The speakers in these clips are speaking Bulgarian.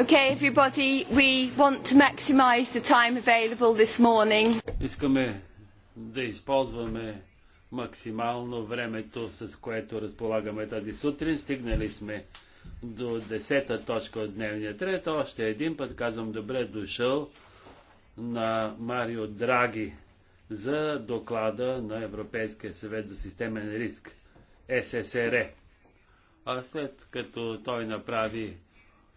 Okay, everybody, we want to maximize the time available this morning. Искаме да използваме максимално времето, с което разполагаме тази сутрин. Стигнали сме до 10-та точка от дневния трет, Още един път казвам добре дошъл на Марио Драги за доклада на Европейския съвет за системен риск ССР. А след като той направи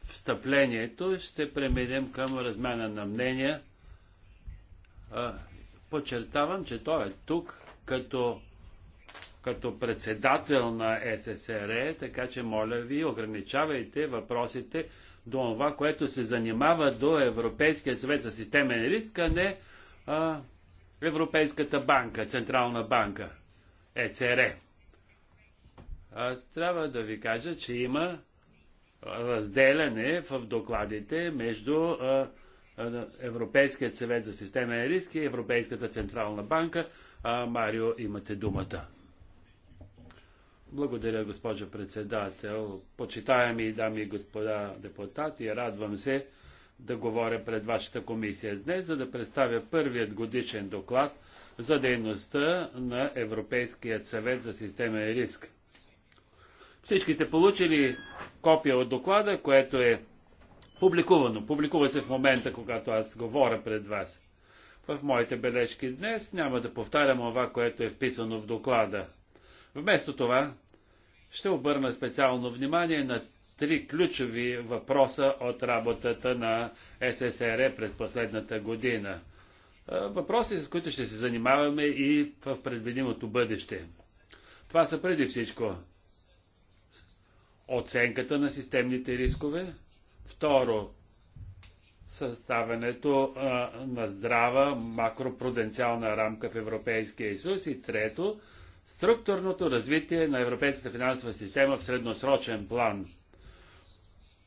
встъплението ще преминем към размяна на мнения. Подчертавам, че той е тук като, като председател на ССР, така че моля ви, ограничавайте въпросите до това, което се занимава до Европейския съвет за системен риск, а не а, Европейската банка, Централна банка, ЕЦР. А, трябва да ви кажа, че има разделяне в докладите между Европейският съвет за системен риск и Европейската централна банка. Марио, имате думата. Благодаря, госпожо председател. Почитаеми дами и господа депутати, радвам се да говоря пред вашата комисия днес, за да представя първият годишен доклад за дейността на Европейският съвет за системен риск. Всички сте получили копия от доклада, което е публикувано. Публикува се в момента, когато аз говоря пред вас. В моите бележки днес няма да повтарям това, което е вписано в доклада. Вместо това ще обърна специално внимание на три ключови въпроса от работата на ССР през последната година. Въпроси, с които ще се занимаваме и в предвидимото бъдеще. Това са преди всичко оценката на системните рискове. Второ, съставянето а, на здрава макропруденциална рамка в Европейския съюз. И трето, структурното развитие на европейската финансова система в средносрочен план.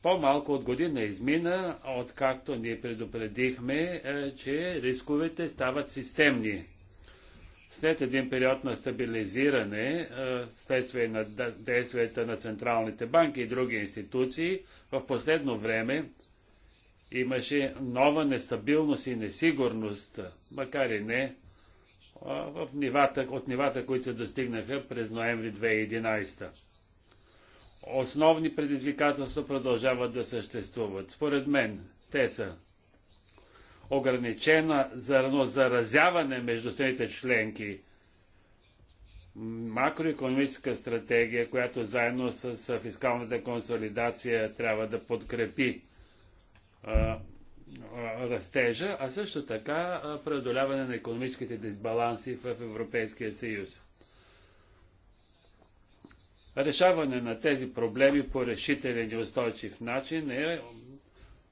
По-малко от година измина, откакто ние предупредихме, е, че рисковете стават системни след един период на стабилизиране, е, следствие на действията на централните банки и други институции, в последно време имаше нова нестабилност и несигурност, макар и не в нивата, от нивата, които се достигнаха през ноември 2011. Основни предизвикателства продължават да съществуват. Според мен те са ограничена заразяване между страните членки. Макроекономическа стратегия, която заедно с фискалната консолидация трябва да подкрепи а, растежа, а също така преодоляване на економическите дисбаланси в Европейския съюз. Решаване на тези проблеми по решителен и устойчив начин е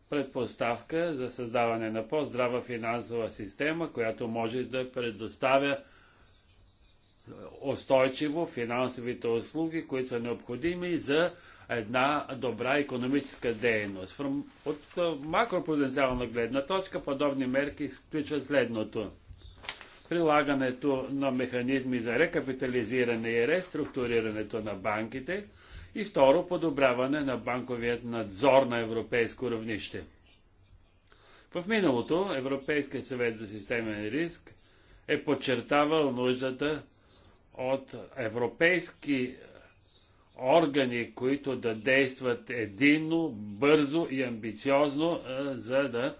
предпоставка за създаване на по-здрава финансова система, която може да предоставя устойчиво финансовите услуги, които са необходими за една добра економическа дейност. От макропотенциална гледна точка подобни мерки изключват следното. Прилагането на механизми за рекапитализиране и реструктурирането на банките – и второ, подобряване на банковият надзор на европейско равнище. В миналото Европейският съвет за системен риск е подчертавал нуждата от европейски органи, които да действат единно, бързо и амбициозно, за да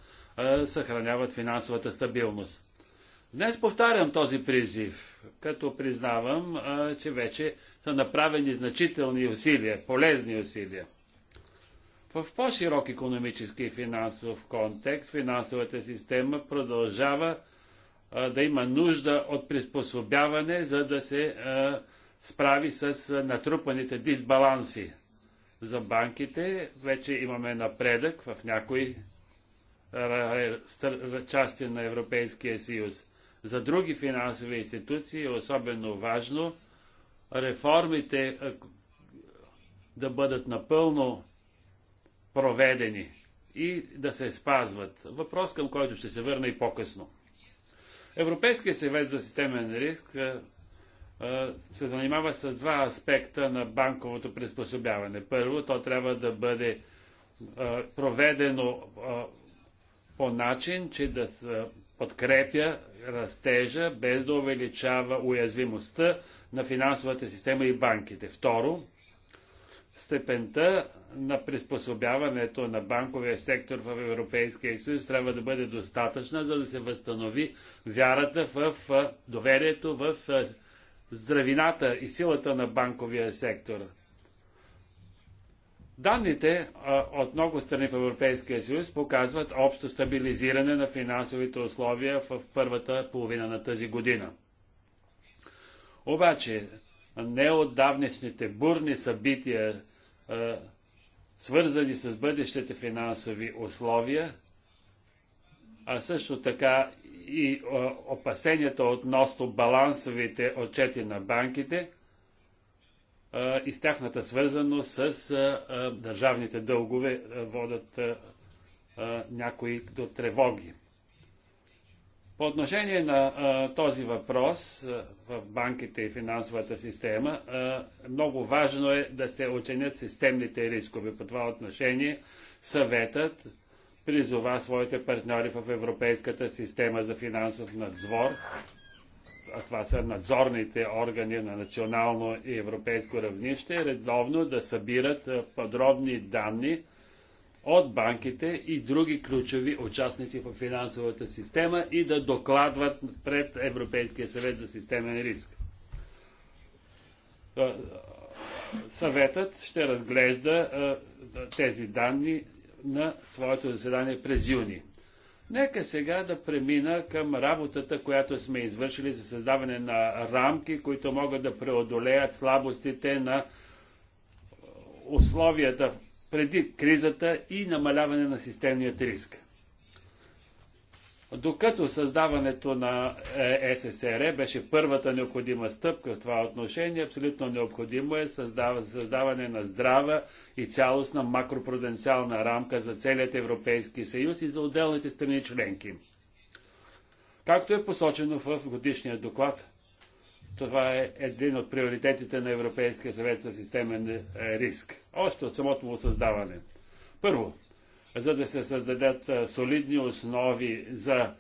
съхраняват финансовата стабилност. Днес повтарям този призив, като признавам, а, че вече са направени значителни усилия, полезни усилия. В по-широк економически и финансов контекст финансовата система продължава а, да има нужда от приспособяване, за да се а, справи с натрупаните дисбаланси. За банките вече имаме напредък в някои части на Европейския съюз за други финансови институции е особено важно реформите да бъдат напълно проведени и да се спазват. Въпрос, към който ще се върна и по-късно. Европейския съвет за системен риск се занимава с два аспекта на банковото приспособяване. Първо, то трябва да бъде проведено по начин, че да се подкрепя растежа, без да увеличава уязвимостта на финансовата система и банките. Второ, степента на приспособяването на банковия сектор в Европейския съюз трябва да бъде достатъчна, за да се възстанови вярата в доверието в здравината и силата на банковия сектор. Данните а, от много страни в Европейския съюз показват общо стабилизиране на финансовите условия в първата половина на тази година. Обаче, неотдавнешните бурни събития, а, свързани с бъдещите финансови условия, а също така и а, опасенията относно балансовите отчети на банките – и с тяхната свързаност с държавните дългове водат някои до тревоги. По отношение на а, този въпрос а, в банките и финансовата система, а, много важно е да се оценят системните рискове. По това отношение съветът призова своите партньори в Европейската система за финансов надзор а това са надзорните органи на национално и европейско равнище, редовно да събират подробни данни от банките и други ключови участници в финансовата система и да докладват пред Европейския съвет за системен риск. Съветът ще разглежда тези данни на своето заседание през юни. Нека сега да премина към работата, която сме извършили за създаване на рамки, които могат да преодолеят слабостите на условията преди кризата и намаляване на системният риск. Докато създаването на е, СССР беше първата необходима стъпка в това отношение, абсолютно необходимо е създаване на здрава и цялостна макропруденциална рамка за целият Европейски съюз и за отделните страни членки. Както е посочено в годишния доклад, това е един от приоритетите на Европейския съвет за системен е, риск. Още от самото му създаване. Първо, за да се създадат солидни основи за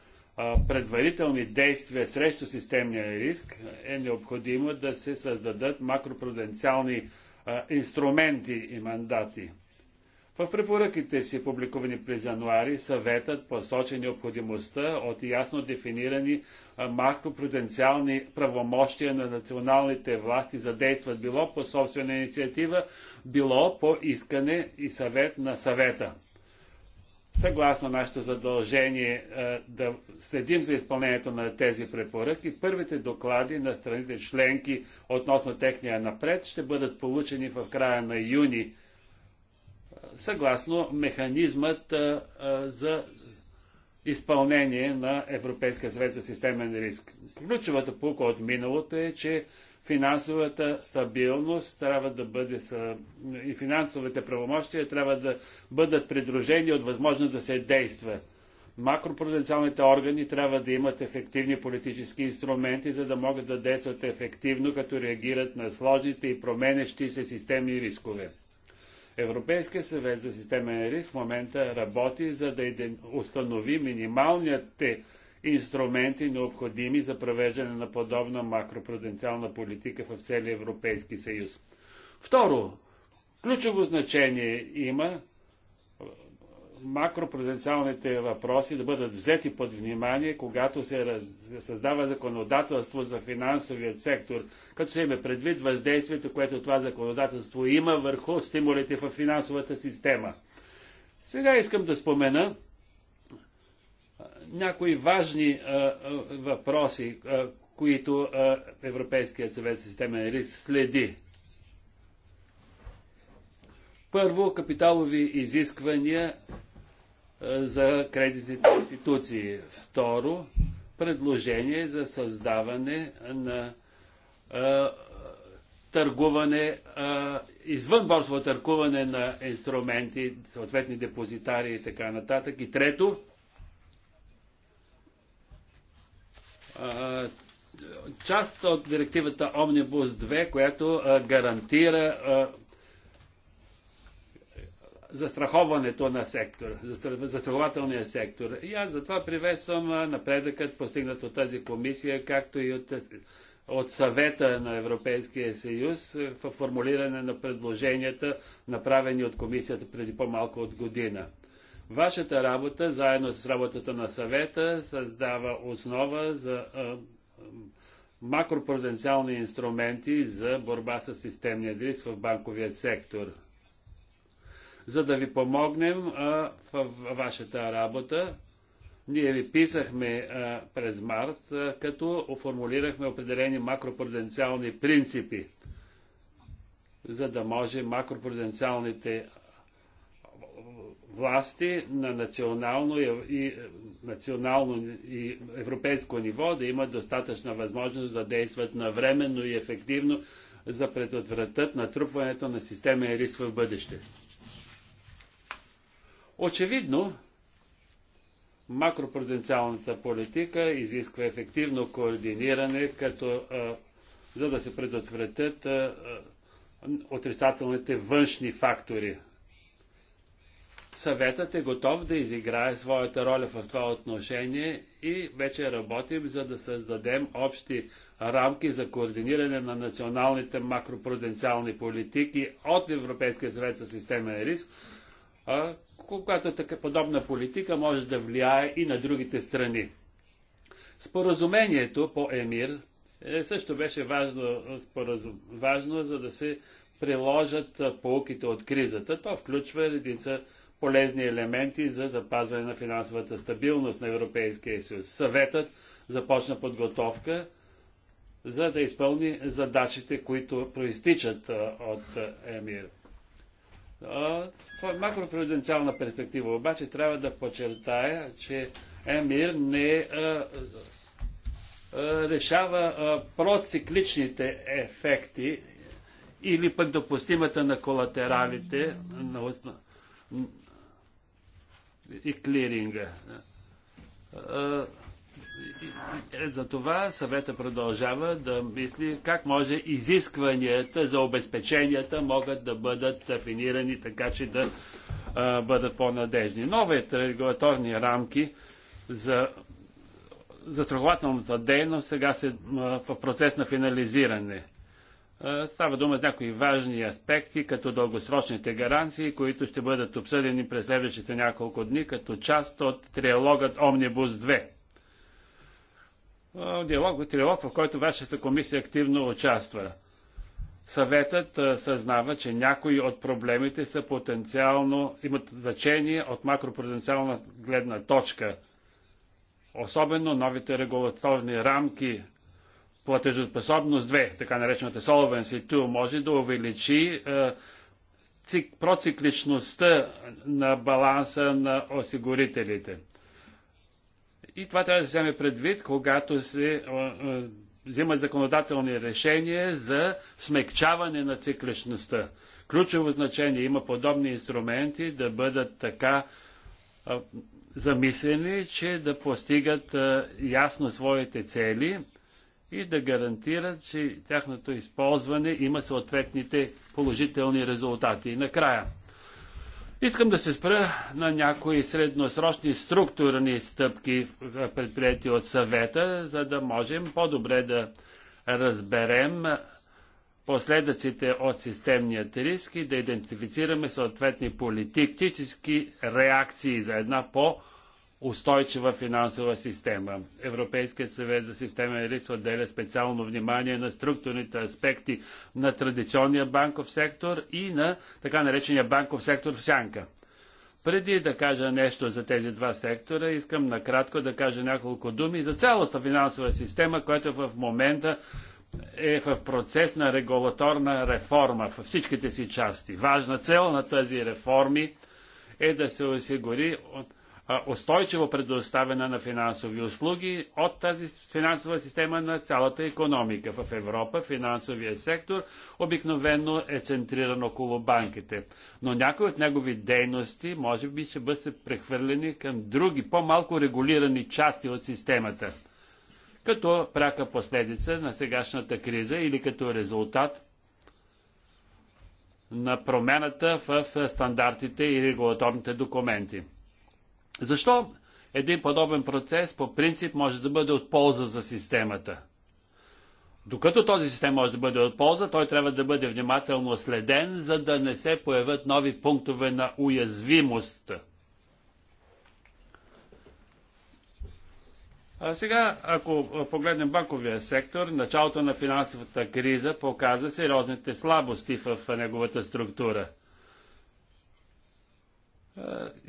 предварителни действия срещу системния риск, е необходимо да се създадат макропруденциални инструменти и мандати. В препоръките си, публикувани през януари, съветът посочи необходимостта от ясно дефинирани макропруденциални правомощия на националните власти за действат било по собствена инициатива, било по искане и съвет на съвета съгласно нашето задължение е, да следим за изпълнението на тези препоръки, първите доклади на страните членки относно техния напред ще бъдат получени в края на юни, е, съгласно механизмът е, за изпълнение на Европейска съвет за системен риск. Ключовата пулка от миналото е, че финансовата стабилност трябва да бъде и финансовите правомощия трябва да бъдат придружени от възможност да се действа. Макропруденциалните органи трябва да имат ефективни политически инструменти, за да могат да действат ефективно, като реагират на сложните и променещи се системни рискове. Европейския съвет за системен риск в момента работи, за да установи минималните инструменти необходими за провеждане на подобна макропруденциална политика в целия Европейски съюз. Второ, ключово значение има макропруденциалните въпроси да бъдат взети под внимание, когато се раз... създава законодателство за финансовият сектор, като се има предвид въздействието, което това законодателство има върху стимулите в финансовата система. Сега искам да спомена някои важни а, въпроси, а, които а, Европейският съвет системен риск следи. Първо, капиталови изисквания а, за кредитните институции. Второ, предложение за създаване на а, търгуване, а, извън борсово търгуване на инструменти, съответни депозитари и така нататък. И трето, част от директивата Омнибус 2, която гарантира застраховането на сектор, застрахователния сектор. И аз затова приветствам напредъкът, постигнат от тази комисия, както и от, от съвета на Европейския съюз в формулиране на предложенията, направени от комисията преди по-малко от година. Вашата работа, заедно с работата на съвета, създава основа за макропруденциални инструменти за борба с системния риск в банковия сектор. За да ви помогнем а, в вашата работа, ние ви писахме а, през март, а, като оформулирахме определени макропруденциални принципи, за да може макропруденциалните власти на национално и, национално и европейско ниво да имат достатъчна възможност да действат навременно и ефективно, за предотвратят натрупването на системен риск в бъдеще. Очевидно, макропруденциалната политика изисква ефективно координиране, като, а, за да се предотвратят а, отрицателните външни фактори. Съветът е готов да изиграе своята роля в това отношение и вече работим за да създадем общи рамки за координиране на националните макропруденциални политики от Европейския съвет за системен риск, когато е така подобна политика може да влияе и на другите страни. Споразумението по ЕМИР е, също беше важно, споразум, важно, за да се приложат полуките от кризата. То включва редица полезни елементи за запазване на финансовата стабилност на Европейския съюз. Съветът започна подготовка за да изпълни задачите, които проистичат от ЕМИР. В е макропруденциална перспектива обаче трябва да подчертая, че ЕМИР не решава процикличните ефекти или пък допустимата на колатералите на, и клиринга. Е, за това съвета продължава да мисли как може изискванията за обезпеченията могат да бъдат дефинирани така, че да бъдат по-надежни. Новите регулаторни рамки за застрахователната дейност сега се в процес на финализиране. Е, става дума за някои важни аспекти, като дългосрочните гаранции, които ще бъдат обсъдени през следващите няколко дни, като част от триалогът Омнибус 2. Е, диалог, триалог, в който вашата комисия активно участва. Съветът е, съзнава, че някои от проблемите са потенциално, имат значение от макропотенциална гледна точка. Особено новите регулаторни рамки платежоспособност 2, така наречената Solvency 2, може да увеличи е, процикличността на баланса на осигурителите. И това трябва да се вземе предвид, когато се е, е, взимат законодателни решения за смекчаване на цикличността. Ключово значение има подобни инструменти да бъдат така замислени, че да постигат ясно своите цели и да гарантират, че тяхното използване има съответните положителни резултати. И накрая, искам да се спра на някои средносрочни структурни стъпки, предприяти от съвета, за да можем по-добре да разберем последъците от системният риск и да идентифицираме съответни политически реакции за една по- устойчива финансова система. Европейският съвет за системен риск отделя специално внимание на структурните аспекти на традиционния банков сектор и на така наречения банков сектор в сянка. Преди да кажа нещо за тези два сектора, искам накратко да кажа няколко думи за цялата финансова система, която в момента е в процес на регулаторна реформа във всичките си части. Важна цел на тези реформи е да се осигури от устойчиво предоставяне на финансови услуги от тази финансова система на цялата економика. В Европа финансовия сектор обикновено е центриран около банките, но някои от негови дейности може би ще бъдат прехвърлени към други, по-малко регулирани части от системата. Като пряка последица на сегашната криза или като резултат на промяната в стандартите и регулаторните документи. Защо един подобен процес по принцип може да бъде от полза за системата? Докато този систем може да бъде от полза, той трябва да бъде внимателно следен, за да не се появят нови пунктове на уязвимост. А сега, ако погледнем банковия сектор, началото на финансовата криза показа сериозните слабости в неговата структура – е,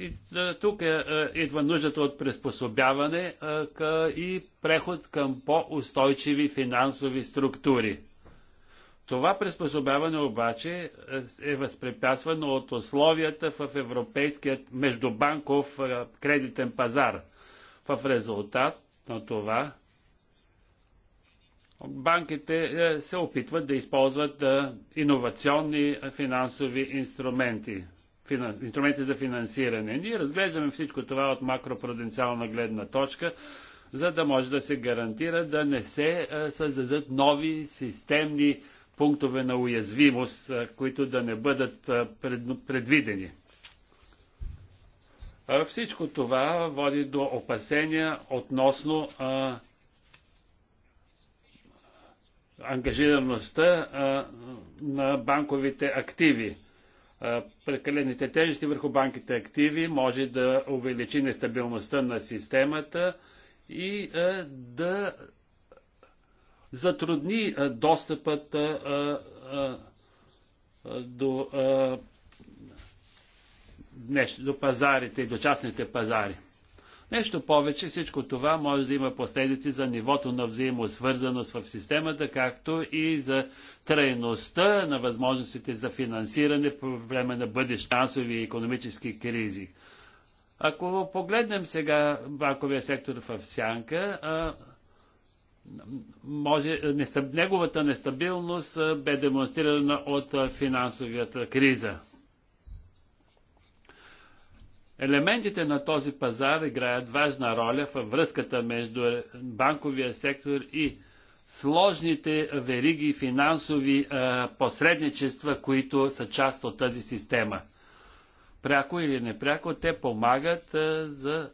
и е, тук е, идва нуждата от приспособяване и преход към по-устойчиви финансови структури. Това приспособяване обаче е възпрепятствано от условията в европейският междубанков кредитен пазар. В резултат на това банките се опитват да използват иновационни финансови инструменти – инструменти за финансиране. Ние разглеждаме всичко това от макропруденциална гледна точка, за да може да се гарантира да не се създадат нови системни пунктове на уязвимост, които да не бъдат предвидени. Всичко това води до опасения относно ангажираността на банковите активи прекалените тежести върху банките активи може да увеличи нестабилността на системата и да затрудни достъпът до, до пазарите и до частните пазари. Нещо повече, всичко това може да има последици за нивото на взаимосвързаност в системата, както и за трайността на възможностите за финансиране по време на бъдещи финансови и економически кризи. Ако погледнем сега банковия сектор в сянка, може, неговата нестабилност бе демонстрирана от финансовата криза. Елементите на този пазар играят важна роля във връзката между банковия сектор и сложните вериги финансови е, посредничества, които са част от тази система. Пряко или непряко те помагат е, за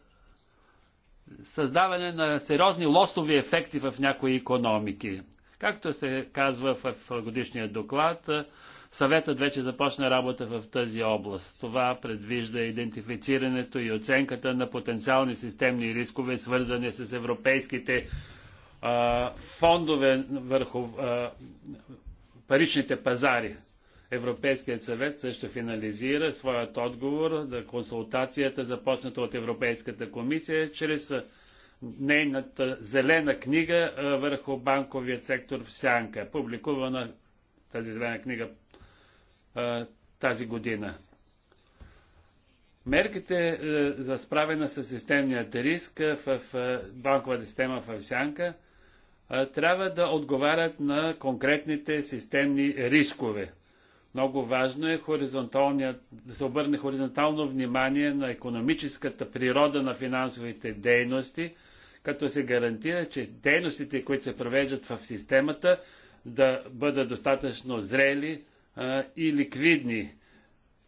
създаване на сериозни лостови ефекти в някои економики. Както се казва в годишния доклад, съветът вече започна работа в тази област. Това предвижда идентифицирането и оценката на потенциални системни рискове, свързани с европейските а, фондове върху а, паричните пазари. Европейският съвет също финализира своят отговор на консултацията, започната от Европейската комисия, чрез нейната зелена книга върху банковия сектор в Сянка, публикувана тази зелена книга тази година. Мерките за справена с системният риск в банковата система в Сянка трябва да отговарят на конкретните системни рискове. Много важно е да се обърне хоризонтално внимание на економическата природа на финансовите дейности като се гарантира, че дейностите, които се провеждат в системата, да бъдат достатъчно зрели а, и ликвидни.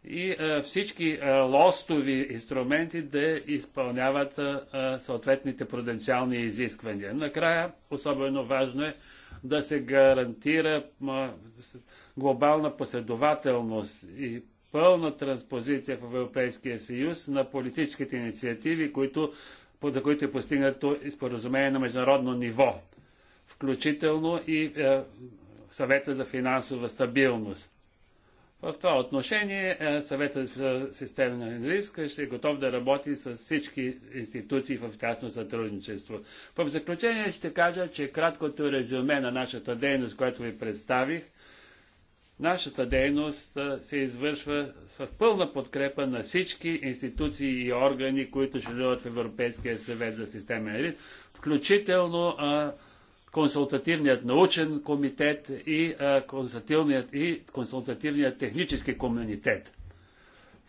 И а, всички а, лостови инструменти да изпълняват а, съответните пруденциални изисквания. Накрая, особено важно е да се гарантира а, глобална последователност и пълна транспозиция в Европейския съюз на политическите инициативи, които за които е постигнато споразумение на международно ниво, включително и е, съвета за финансова стабилност. В това отношение е, съвета за системна риска ще е готов да работи с всички институции в тясно сътрудничество. В заключение ще кажа, че краткото резюме на нашата дейност, което ви представих, Нашата дейност се извършва с пълна подкрепа на всички институции и органи, които членуват в Европейския съвет за системен риск, включително а, консултативният научен комитет и, а, консултативният, и консултативният технически комитет.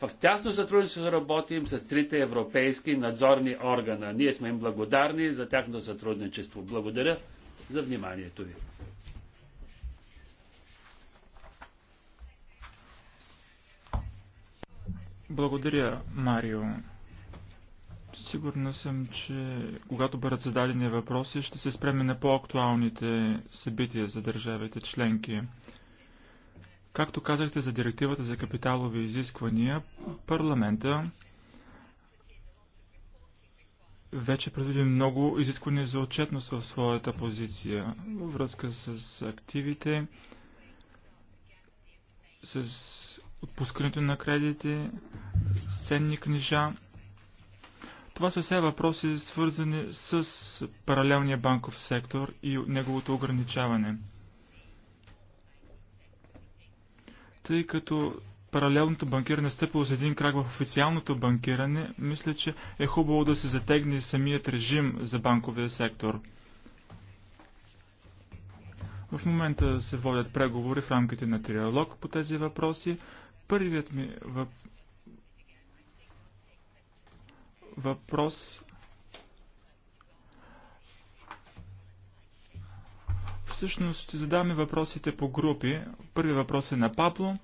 В тясно сътрудничество работим с трите европейски надзорни органа. Ние сме им благодарни за тяхното сътрудничество. Благодаря за вниманието ви. Благодаря, Марио. Сигурна съм, че когато бъдат зададени въпроси, ще се спреме на по-актуалните събития за държавите членки. Както казахте за директивата за капиталови изисквания, парламента вече предвиди много изисквания за отчетност в своята позиция във връзка с активите, с отпускането на кредити, ценни книжа. Това са все въпроси, свързани с паралелния банков сектор и неговото ограничаване. Тъй като паралелното банкиране е стъпило с един крак в официалното банкиране, мисля, че е хубаво да се затегне самият режим за банковия сектор. В момента се водят преговори в рамките на триалог по тези въпроси. Първият ми въп... въпрос Всъщност ще задаваме въпросите по групи. Първи въпрос е на Пабло,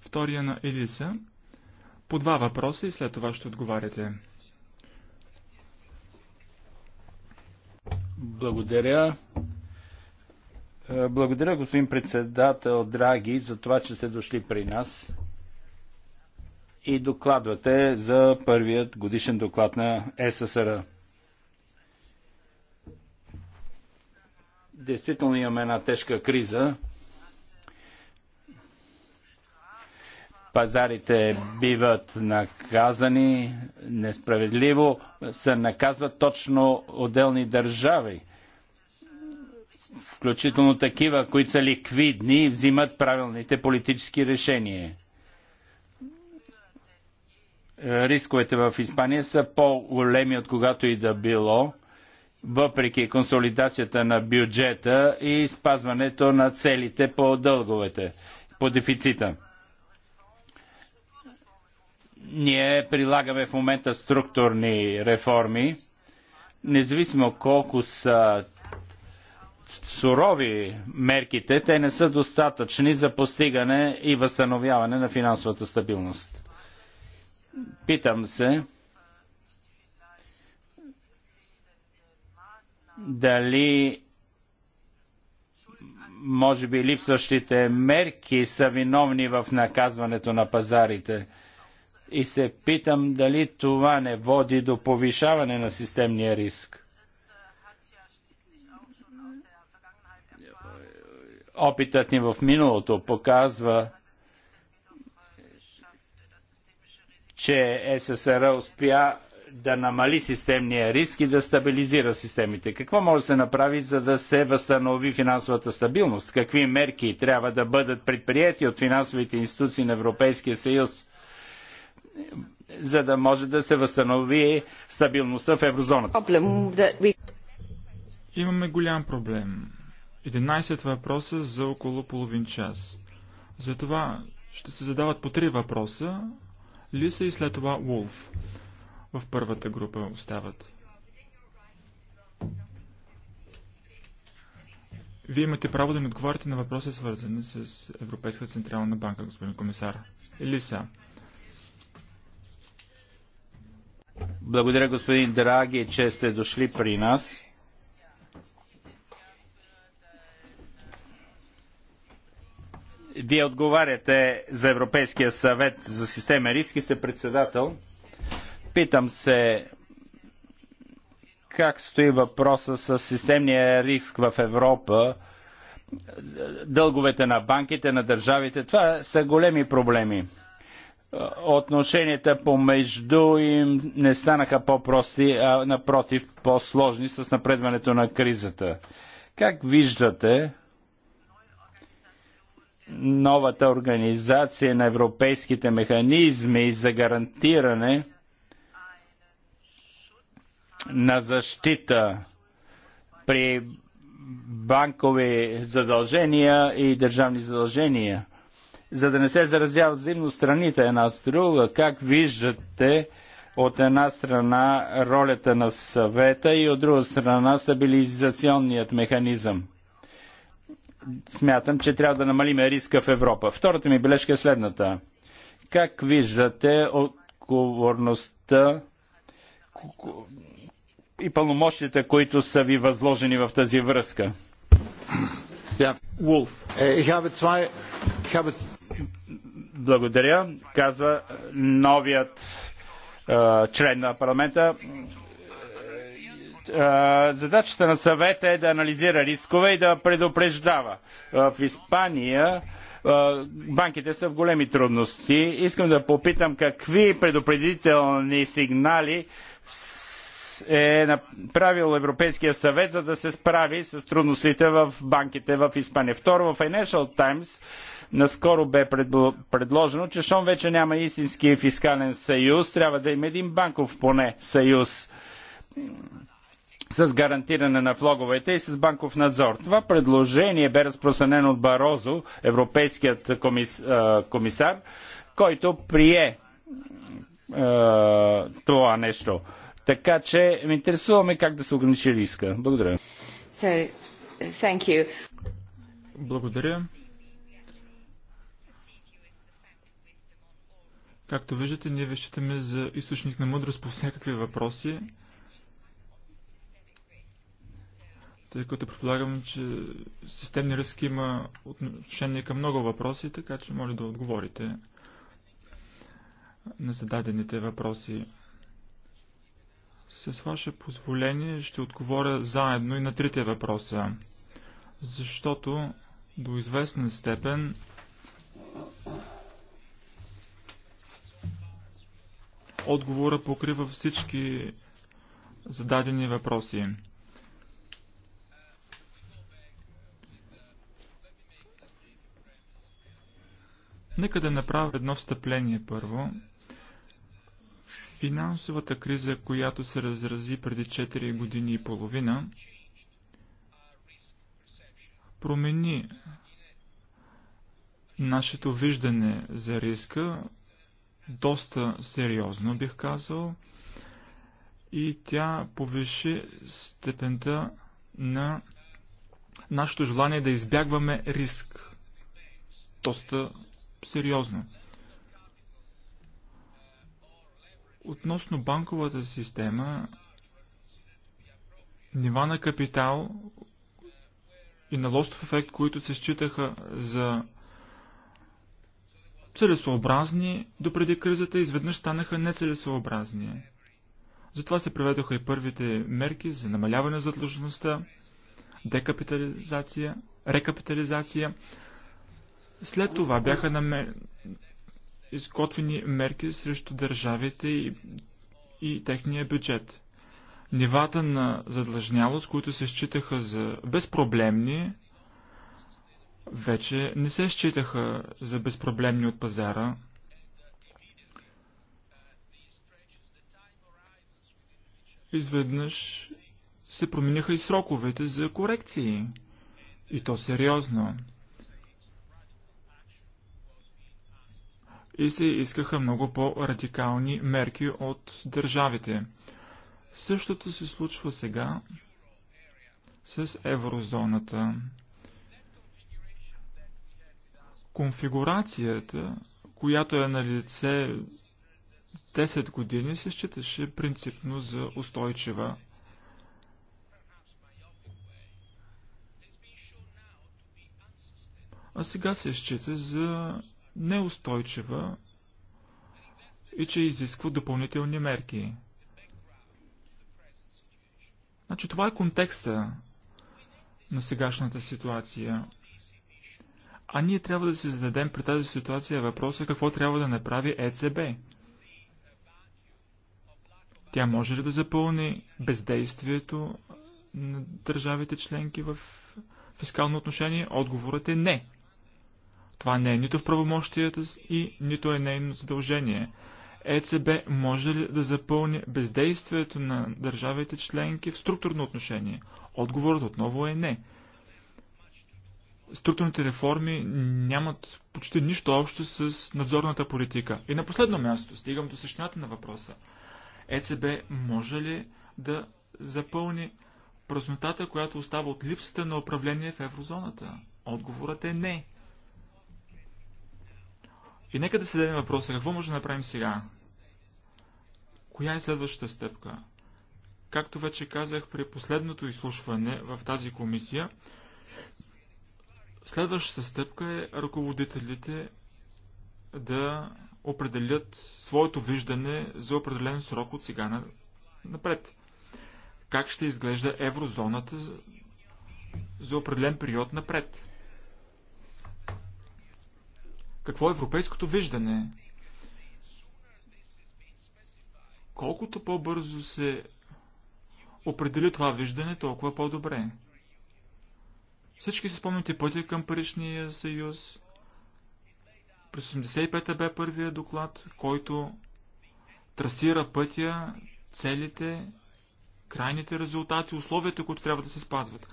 втория на Елиса. По два въпроса и след това ще отговаряте. Благодаря. Благодаря, господин председател, драги, за това, че сте дошли при нас и докладвате за първият годишен доклад на ССР. Действително имаме една тежка криза. Пазарите биват наказани несправедливо, се наказват точно отделни държави включително такива, които са ликвидни и взимат правилните политически решения. Е, рисковете в Испания са по-големи от когато и да било, въпреки консолидацията на бюджета и спазването на целите по дълговете, по дефицита. Ние прилагаме в момента структурни реформи, независимо колко са сурови мерките, те не са достатъчни за постигане и възстановяване на финансовата стабилност. Питам се дали може би липсващите мерки са виновни в наказването на пазарите. И се питам дали това не води до повишаване на системния риск. Опитът ни в миналото показва, че СССР успя да намали системния риск и да стабилизира системите. Какво може да се направи, за да се възстанови финансовата стабилност? Какви мерки трябва да бъдат предприяти от финансовите институции на Европейския съюз, за да може да се възстанови стабилността в еврозоната? Имаме голям проблем. 11 въпроса за около половин час. Затова ще се задават по 3 въпроса, Лиса и след това Вулф. В първата група остават. Вие имате право да ми отговаряте на въпроси, свързани с Европейска централна банка, господин комисар. Лиса. Благодаря, господин Драги, че сте дошли при нас. Вие отговаряте за Европейския съвет за системен риск и сте председател. Питам се как стои въпроса с системния риск в Европа, дълговете на банките, на държавите. Това са големи проблеми. Отношенията помежду им не станаха по-прости, а напротив по-сложни с напредването на кризата. Как виждате новата организация на европейските механизми за гарантиране на защита при банкови задължения и държавни задължения, за да не се заразяват взаимно страните една с друга. Как виждате от една страна ролята на съвета и от друга страна стабилизационният механизъм? смятам, че трябва да намалиме риска в Европа. Втората ми бележка е следната. Как виждате отговорността и пълномощите, които са ви възложени в тази връзка? Yeah. Е, Благодаря, казва новият член на парламента задачата на съвета е да анализира рискове и да предупреждава. В Испания банките са в големи трудности. Искам да попитам какви предупредителни сигнали е направил Европейския съвет, за да се справи с трудностите в банките в Испания. Второ, в Financial Times наскоро бе предложено, че щом вече няма истински фискален съюз, трябва да има един банков поне съюз с гарантиране на влоговете и с банков надзор. Това предложение бе разпространено от Барозо, европейският комис, комисар, който прие това нещо. Така че ме интересуваме как да се ограничи риска. Благодаря. So, thank you. Благодаря. Както виждате, ние ви считаме за източник на мъдрост по всякакви въпроси. тъй като предполагам, че системни ръзки има отношение към много въпроси, така че моля да отговорите на зададените въпроси. С ваше позволение ще отговоря заедно и на трите въпроса, защото до известна степен отговора покрива всички зададени въпроси. Нека да направя едно встъпление първо. Финансовата криза, която се разрази преди 4 години и половина, промени нашето виждане за риска доста сериозно, бих казал, и тя повиши степента на нашето желание да избягваме риск доста сериозно. Относно банковата система, нива на капитал и на лостов ефект, които се считаха за целесообразни, допреди кризата изведнъж станаха нецелесообразни. Затова се приведоха и първите мерки за намаляване задлъжността, декапитализация, рекапитализация, след това бяха намер... изготвени мерки срещу държавите и, и техния бюджет. Нивата на задлъжнялост, които се считаха за безпроблемни, вече не се считаха за безпроблемни от пазара. Изведнъж се промениха и сроковете за корекции. И то сериозно. и се искаха много по-радикални мерки от държавите. Същото се случва сега с еврозоната. Конфигурацията, която е на лице 10 години, се считаше принципно за устойчива. А сега се счита за неустойчива и че изисква допълнителни мерки. Значи това е контекста на сегашната ситуация. А ние трябва да се зададем при тази ситуация въпроса какво трябва да направи ЕЦБ. Тя може ли да запълни бездействието на държавите членки в фискално отношение? Отговорът е не. Това не е нито в правомощията и нито е нейно задължение. ЕЦБ може ли да запълни бездействието на държавите членки в структурно отношение? Отговорът отново е не. Структурните реформи нямат почти нищо общо с надзорната политика. И на последно място, стигам до същината на въпроса. ЕЦБ може ли да запълни празнотата, която остава от липсата на управление в еврозоната? Отговорът е не. И нека да се дадем въпроса, какво може да направим сега? Коя е следващата стъпка? Както вече казах при последното изслушване в тази комисия, следващата стъпка е ръководителите да определят своето виждане за определен срок от сега на... напред. Как ще изглежда еврозоната за определен период напред? Какво е европейското виждане? Колкото по-бързо се определи това виждане, толкова по-добре. Всички се спомняте пътя към Паричния съюз. През 85-та бе първия доклад, който трасира пътя, целите, крайните резултати, условията, които трябва да се спазват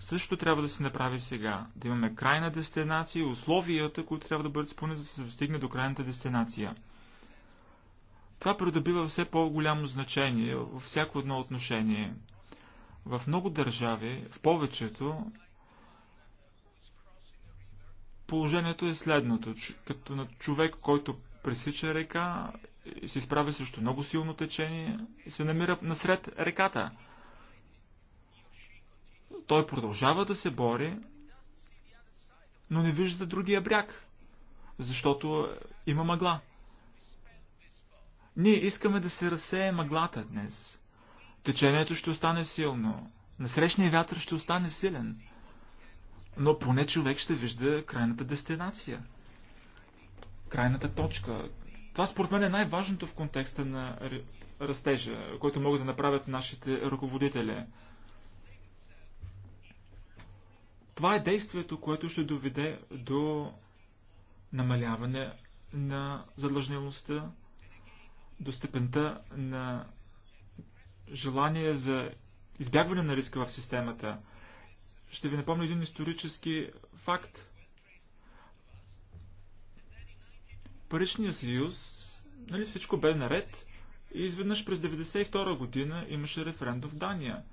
също трябва да се направи сега. Да имаме крайна дестинация и условията, които трябва да бъдат спълнени, за да се достигне до крайната дестинация. Това придобива все по-голямо значение във всяко едно отношение. В много държави, в повечето, положението е следното. Като на човек, който пресича река, се изправи срещу много силно течение и се намира насред реката – той продължава да се бори, но не вижда другия бряг, защото има мъгла. Ние искаме да се разсее мъглата днес. Течението ще остане силно. Насрещния вятър ще остане силен. Но поне човек ще вижда крайната дестинация. Крайната точка. Това според мен е най-важното в контекста на растежа, който могат да направят нашите ръководители – това е действието, което ще доведе до намаляване на задлъжнилостта, до степента на желание за избягване на риска в системата. Ще ви напомня един исторически факт. Паричният съюз, нали всичко бе наред и изведнъж през 1992 година имаше референдум в Дания –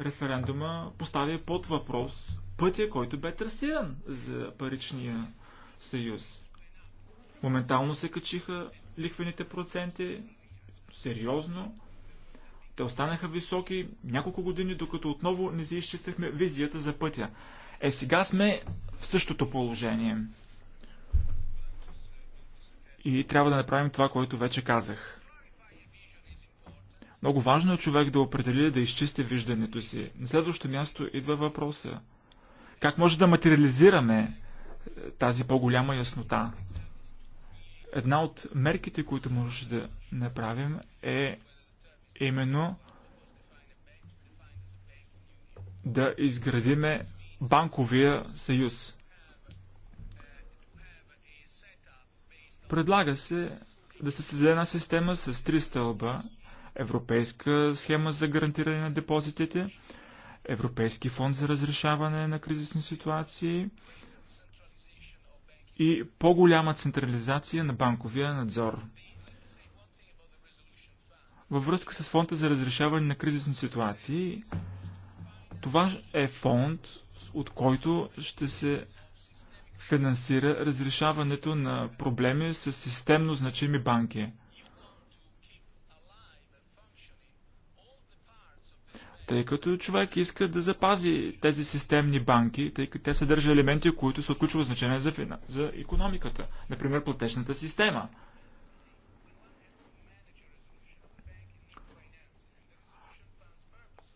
референдума поставя под въпрос пътя, който бе трасиран за паричния съюз. Моментално се качиха лихвените проценти, сериозно. Те останаха високи няколко години, докато отново не си изчистихме визията за пътя. Е, сега сме в същото положение. И трябва да направим това, което вече казах. Много важно е човек да определи, да изчисти виждането си. На следващото място идва въпроса. Как може да материализираме е, тази по-голяма яснота? Една от мерките, които може да направим е именно да изградиме банковия съюз. Предлага се да се създаде една система с три стълба Европейска схема за гарантиране на депозитите, Европейски фонд за разрешаване на кризисни ситуации и по-голяма централизация на банковия надзор. Във връзка с фонда за разрешаване на кризисни ситуации, това е фонд, от който ще се финансира разрешаването на проблеми с системно значими банки. Тъй като човек иска да запази тези системни банки, тъй като те съдържа елементи, които са от ключово значение за, фина, за економиката. Например, платежната система.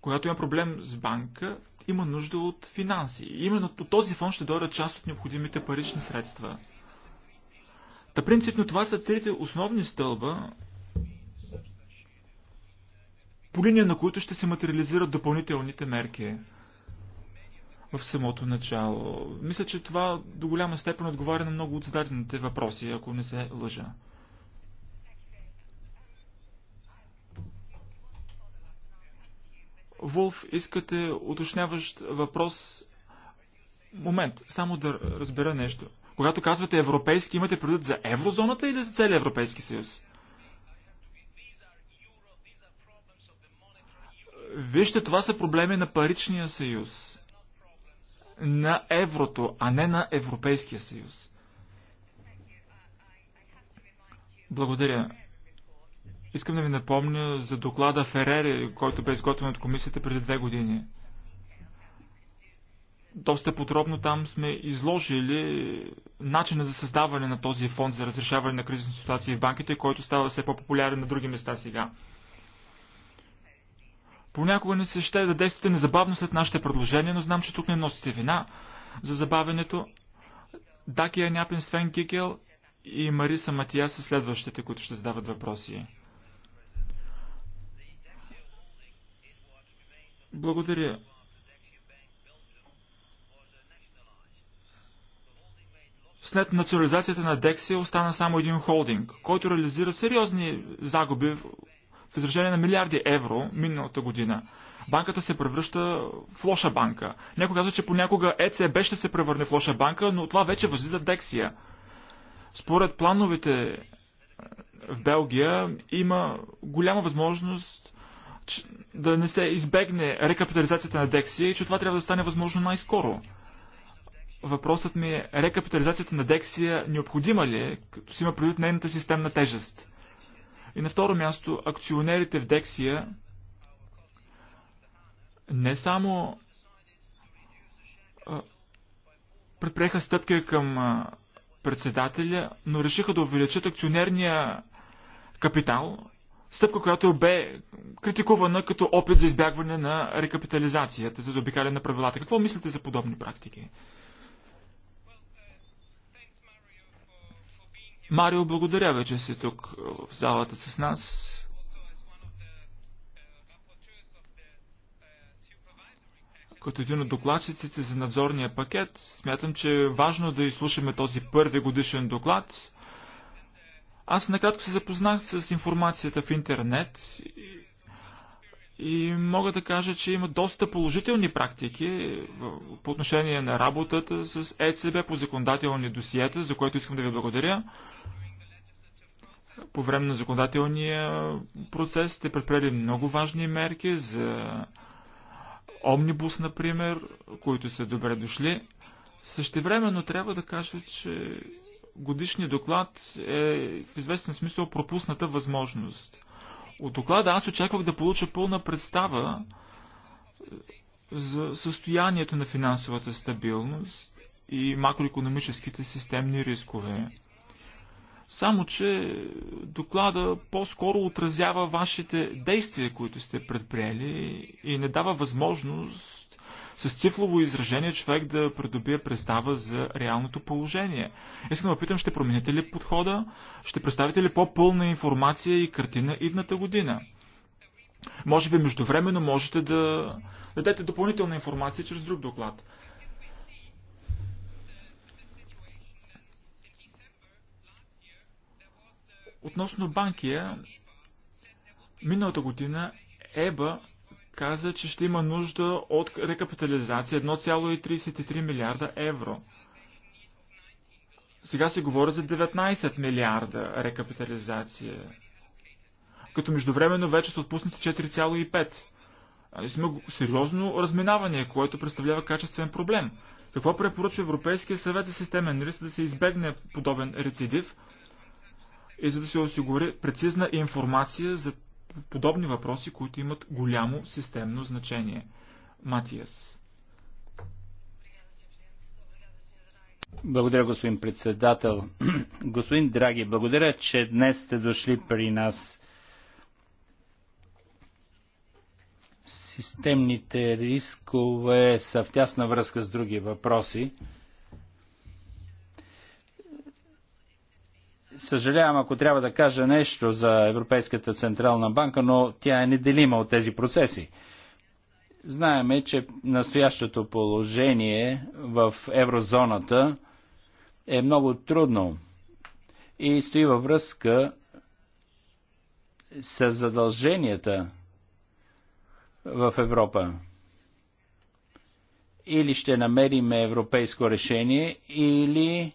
Когато има проблем с банка, има нужда от финанси. И именно от този фонд ще дойдат част от необходимите парични средства. Та принципно това са трите основни стълба, по линия на които ще се материализират допълнителните мерки в самото начало. Мисля, че това до голяма степен отговаря на много от зададените въпроси, ако не се лъжа. Волф, искате уточняващ въпрос. Момент, само да разбера нещо. Когато казвате европейски, имате предвид за еврозоната или за целия Европейски съюз? Вижте, това са проблеми на паричния съюз, на еврото, а не на Европейския съюз. Благодаря. Искам да ви напомня за доклада Ферери, който бе изготвен от комисията преди две години. Доста подробно там сме изложили начина за създаване на този фонд за разрешаване на кризисни ситуации в банките, който става все по-популярен на други места сега. Понякога не се ще да действате незабавно след нашите предложения, но знам, че тук не носите вина за забавенето. Дакия Няпин, Свен Кикел и Мариса Матия са следващите, които ще задават въпроси. Благодаря. След национализацията на Дексия остана само един холдинг, който реализира сериозни загуби в изражение на милиарди евро миналата година. Банката се превръща в лоша банка. Някой казва, че понякога ЕЦБ ще се превърне в лоша банка, но това вече възлиза Дексия. Според плановете е, в Белгия има голяма възможност да не се избегне рекапитализацията на Дексия и че това трябва да стане възможно най-скоро. Въпросът ми е, рекапитализацията на Дексия необходима ли е, като си има предвид нейната системна тежест? И на второ място, акционерите в Дексия не само предприеха стъпки към председателя, но решиха да увеличат акционерния капитал, стъпка, която бе критикувана като опит за избягване на рекапитализацията, за заобикаляне на правилата. Какво мислите за подобни практики? Марио, благодаря вече си тук е, в залата с нас. Като един от докладчиците за надзорния пакет, смятам, че е важно да изслушаме този първи годишен доклад. Аз накратко се запознах с информацията в интернет и мога да кажа, че има доста положителни практики по отношение на работата с ЕЦБ по законодателни досиета, за което искам да ви благодаря. По време на законодателния процес сте предприели много важни мерки за Омнибус, например, които са добре дошли. Същевременно трябва да кажа, че годишният доклад е в известен смисъл пропусната възможност. От доклада аз очаквах да получа пълна представа е, за състоянието на финансовата стабилност и макроекономическите системни рискове. Само, че доклада по-скоро отразява вашите действия, които сте предприели и не дава възможност с цифрово изражение човек да придобие представа за реалното положение. Искам да питам, ще промените ли подхода? Ще представите ли по-пълна информация и картина идната година? Може би междувременно можете да дадете допълнителна информация чрез друг доклад. Относно банкия, миналата година ЕБА каза, че ще има нужда от рекапитализация 1,33 милиарда евро. Сега се говори за 19 милиарда рекапитализация. Като междувременно вече са отпуснати 4,5. Нали, сме сериозно разминаване, което представлява качествен проблем. Какво препоръчва Европейския съвет за системен риск да се избегне подобен рецидив и за да се осигури прецизна информация за подобни въпроси, които имат голямо системно значение. Матиас. Благодаря, господин председател. господин Драги, благодаря, че днес сте дошли при нас. Системните рискове са в тясна връзка с други въпроси. Съжалявам, ако трябва да кажа нещо за Европейската Централна банка, но тя е неделима от тези процеси. Знаеме, че настоящото положение в еврозоната е много трудно и стои във връзка с задълженията в Европа. Или ще намерим европейско решение, или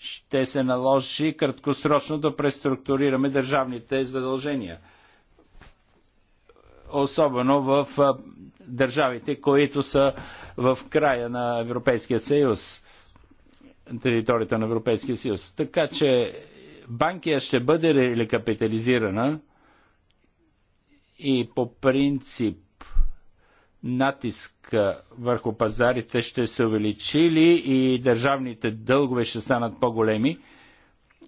ще се наложи краткосрочно да преструктурираме държавните задължения. Особено в държавите, които са в края на Европейския съюз, територията на Европейския съюз. Така че Банкия ще бъде рекапитализирана и по принцип натиск върху пазарите ще се увеличили и държавните дългове ще станат по-големи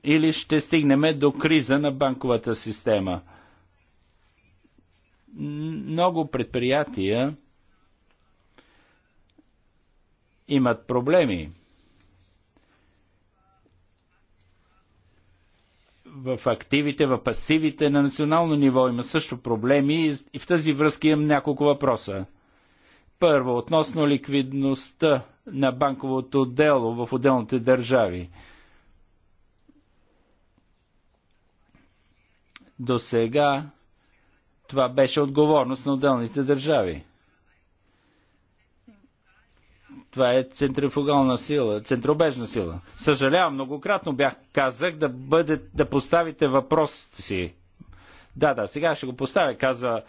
или ще стигнем до криза на банковата система. Много предприятия имат проблеми. в активите, в пасивите на национално ниво има също проблеми и в тази връзка имам няколко въпроса. Първо, относно ликвидността на банковото дело в отделните държави. До сега това беше отговорност на отделните държави. Това е центрифугална сила, центробежна сила. Съжалявам, многократно бях казах да, бъде, да поставите въпрос си. Да, да, сега ще го поставя, Казва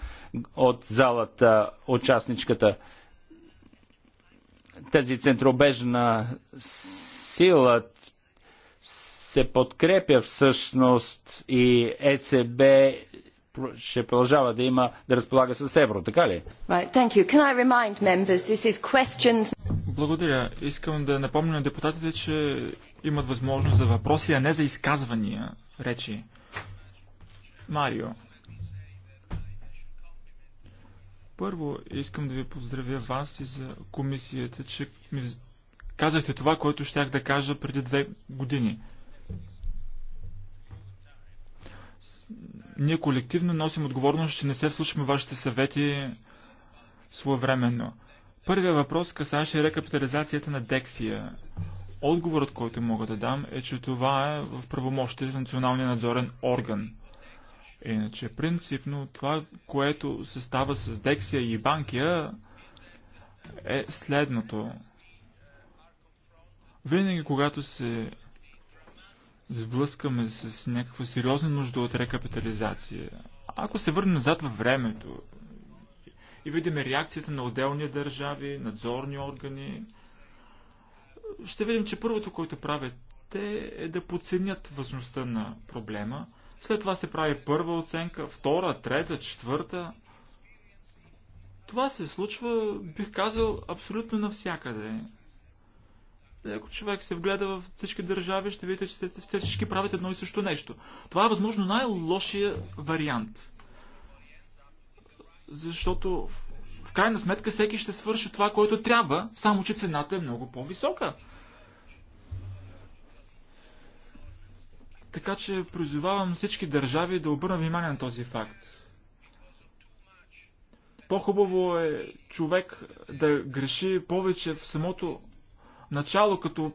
от залата участничката тази центробежна сила се подкрепя всъщност и ЕЦБ ще продължава да има да разполага с евро, така ли? Благодаря. Искам да напомня на депутатите, че имат възможност за въпроси, а не за изказвания речи. Марио. Първо, искам да ви поздравя вас и за комисията, че ми казахте това, което щях да кажа преди две години. Ние колективно носим отговорност, че не се вслушаме вашите съвети своевременно. Първият въпрос касаше рекапитализацията на Дексия. Отговорът, който мога да дам е, че това е в правомощите на националния надзорен орган. Иначе, принципно, това, което се става с Дексия и Банкия, е следното. Винаги, когато се сблъскаме с някаква сериозна нужда от рекапитализация, ако се върнем назад във времето и видим реакцията на отделни държави, надзорни органи, ще видим, че първото, което правят те е да подценят възможността на проблема – след това се прави първа оценка, втора, трета, четвърта. Това се случва, бих казал, абсолютно навсякъде. Ако човек се вгледа в всички държави, ще видите, че те всички правят едно и също нещо. Това е възможно най-лошия вариант. Защото в крайна сметка всеки ще свърши това, което трябва, само че цената е много по-висока. Така че призовавам всички държави да обърнат внимание на този факт. По-хубаво е човек да греши повече в самото начало, като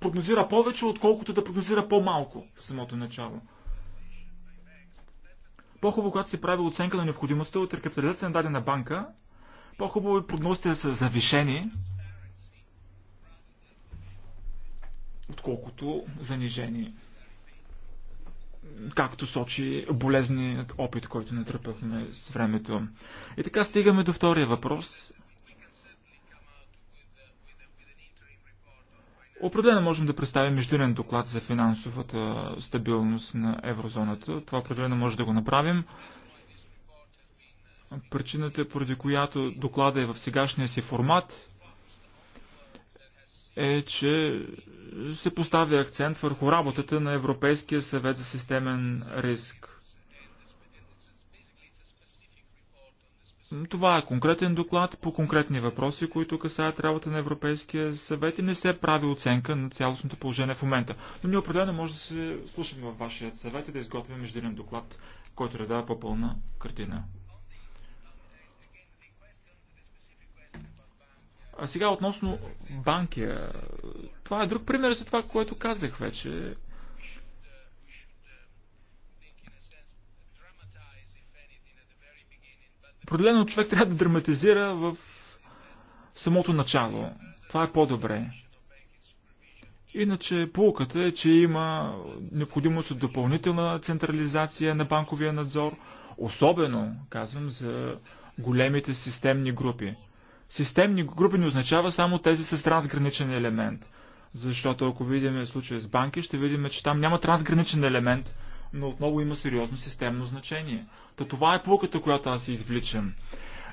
прогнозира повече, отколкото да прогнозира по-малко в самото начало. По-хубаво, когато се прави оценка на необходимостта от рекапитализация на дадена банка, по-хубаво е прогнозите да са завишени, отколкото занижени както сочи болезният опит, който натръпахме с времето. И така стигаме до втория въпрос. Определено можем да представим междинен доклад за финансовата стабилност на еврозоната. Това определено може да го направим. Причината, поради която доклада е в сегашния си формат, е, че се поставя акцент върху работата на Европейския съвет за системен риск. Това е конкретен доклад по конкретни въпроси, които касаят работа на Европейския съвет и не се прави оценка на цялостното положение в момента. Но ние определено може да се слушаме във вашия съвет и да изготвим междинен доклад, който да дава по-пълна картина. А сега относно банки. Това е друг пример за това, което казах вече. Определено човек трябва да драматизира в самото начало. Това е по-добре. Иначе полуката е, че има необходимост от допълнителна централизация на банковия надзор, особено, казвам, за големите системни групи. Системни групи не означава само тези с трансграничен елемент. Защото ако видим случая с банки, ще видим, че там няма трансграничен елемент, но отново има сериозно системно значение. Та това е полуката, която аз извличам.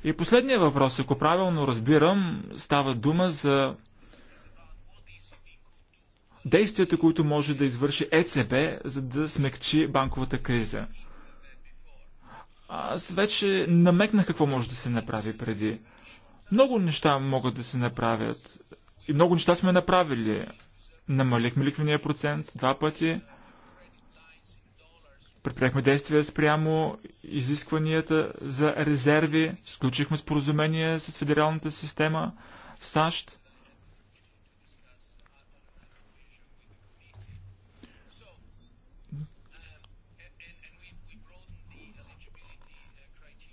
И последният въпрос, ако правилно разбирам, става дума за действията, които може да извърши ЕЦБ, за да смекчи банковата криза. Аз вече намекнах какво може да се направи преди. Много неща могат да се направят. И много неща сме направили. Намалихме ликвения процент два пъти. Предприехме действия спрямо изискванията за резерви. Сключихме споразумение с федералната система в САЩ.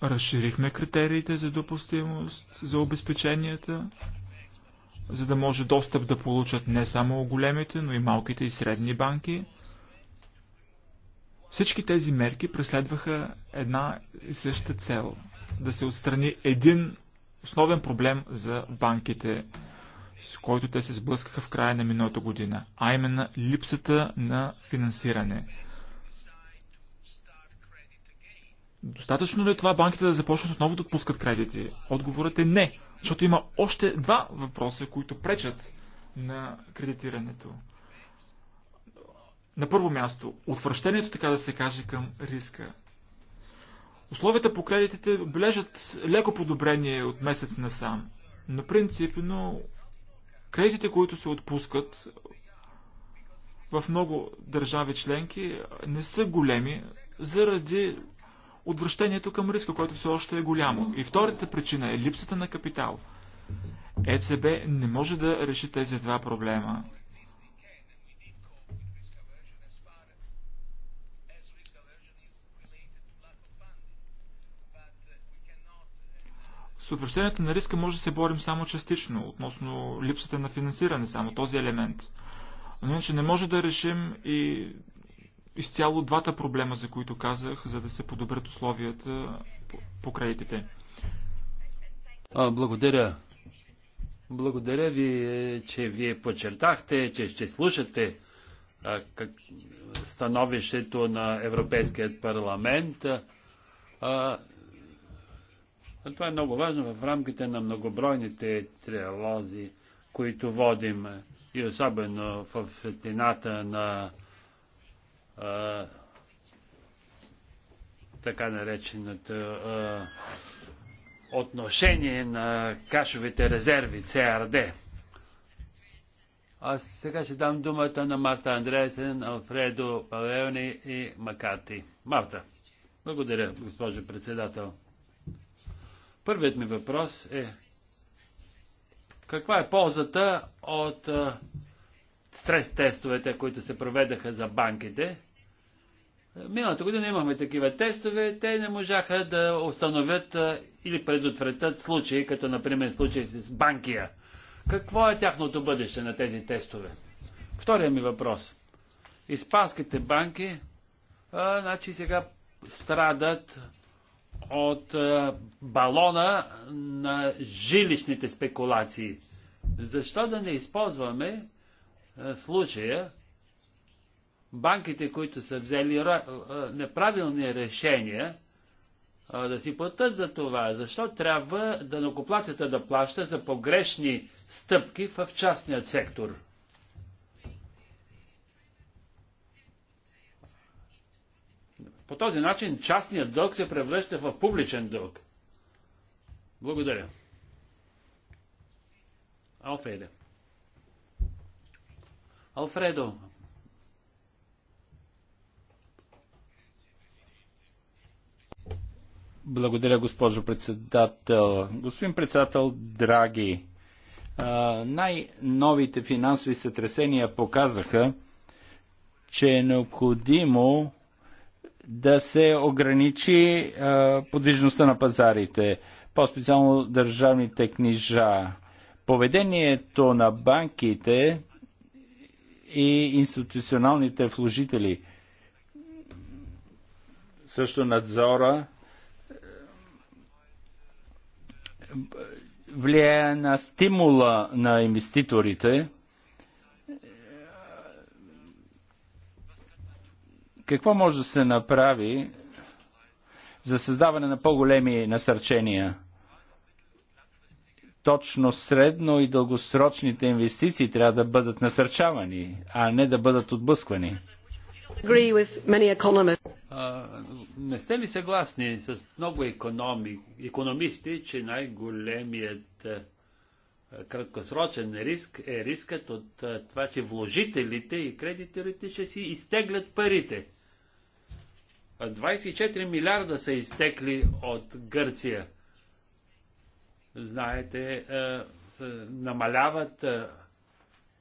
Разширихме критериите за допустимост, за обезпеченията, за да може достъп да получат не само големите, но и малките и средни банки. Всички тези мерки преследваха една и съща цел – да се отстрани един основен проблем за банките, с който те се сблъскаха в края на миналата година, а именно липсата на финансиране – Достатъчно ли е това банките да започнат отново да отпускат кредити? Отговорът е не, защото има още два въпроса, които пречат на кредитирането. На първо място, отвращението, така да се каже, към риска. Условията по кредитите бележат леко подобрение от месец насам. На принцип, но кредитите, които се отпускат в много държави членки, не са големи заради Отвръщението към риска, който все още е голямо. И втората причина е липсата на капитал. ЕЦБ не може да реши тези два проблема. С отвръщението на риска може да се борим само частично, относно липсата на финансиране, само този елемент. Но иначе не може да решим и изцяло двата проблема, за които казах, за да се подобрят условията по кредитите. А, благодаря. Благодаря ви, е, че вие подчертахте, че ще слушате а, как, становището на Европейският парламент. А, а това е много важно в рамките на многобройните триалози, които водим и особено в светлината на така нареченото а, отношение на кашовите резерви, CRD. Аз сега ще дам думата на Марта Андреасен, Алфредо Палеони и Макарти. Марта, благодаря, госпожо председател. Първият ми въпрос е каква е ползата от стрес тестовете, които се проведаха за банките? Миналата година имахме такива тестове, те не можаха да установят или предотвратят случаи, като например случаи с банкия. Какво е тяхното бъдеще на тези тестове? Втория ми въпрос. Испанските банки а, значи сега страдат от а, балона на жилищните спекулации. Защо да не използваме а, случая банките, които са взели неправилни решения, да си платят за това. Защо трябва да накоплатите да плаща за погрешни стъпки в частният сектор? По този начин частният дълг се превръща в публичен дълг. Благодаря. Алфреде. Алфредо, Благодаря, госпожо председател. Господин председател, драги, най-новите финансови сътресения показаха, че е необходимо да се ограничи подвижността на пазарите, по-специално държавните книжа. Поведението на банките и институционалните вложители, също надзора, влияе на стимула на инвеститорите. Какво може да се направи за създаване на по-големи насърчения? Точно средно и дългосрочните инвестиции трябва да бъдат насърчавани, а не да бъдат отблъсквани не сте ли съгласни с много економи, економисти, че най-големият краткосрочен риск е рискът от това, че вложителите и кредиторите ще си изтеглят парите? 24 милиарда са изтекли от Гърция. Знаете, намаляват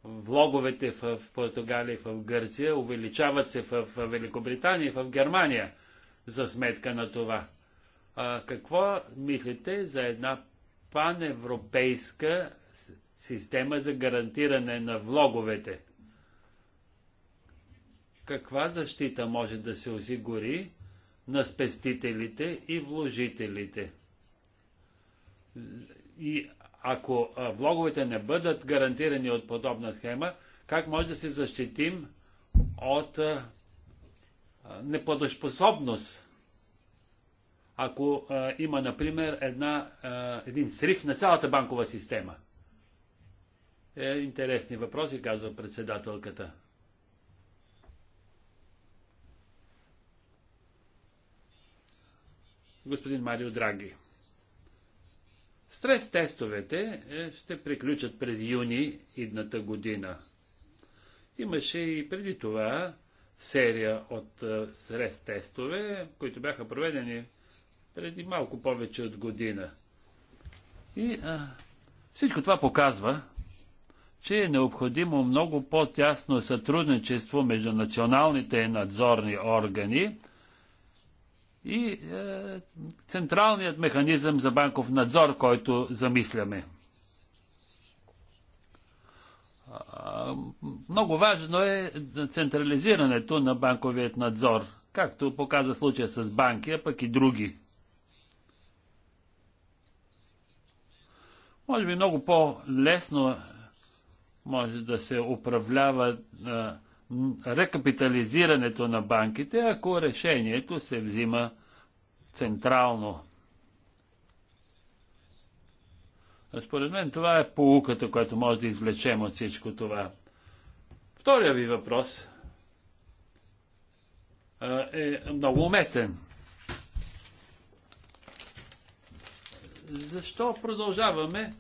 влоговете в Португалия и в Гърция, увеличават се в Великобритания и в Германия за сметка на това. А, какво мислите за една паневропейска система за гарантиране на влоговете? Каква защита може да се осигури на спестителите и вложителите? И ако влоговете не бъдат гарантирани от подобна схема, как може да се защитим от неплатоспособност? Ако има, например, една, един срив на цялата банкова система. Е, интересни въпроси, казва председателката. Господин Марио Драги. Стрес тестовете е, ще приключат през юни идната година. Имаше и преди това серия от е, стрес тестове, които бяха проведени преди малко повече от година. И а, всичко това показва, че е необходимо много по-тясно сътрудничество между националните надзорни органи, и е, централният механизъм за банков надзор, който замисляме. Много важно е централизирането на банковият надзор, както показа случая с банки, а пък и други. Може би много по-лесно може да се управлява а, е, рекапитализирането на банките, ако решението се взима централно. Според мен това е полуката, която може да извлечем от всичко това. Втория ви въпрос е много уместен. Защо продължаваме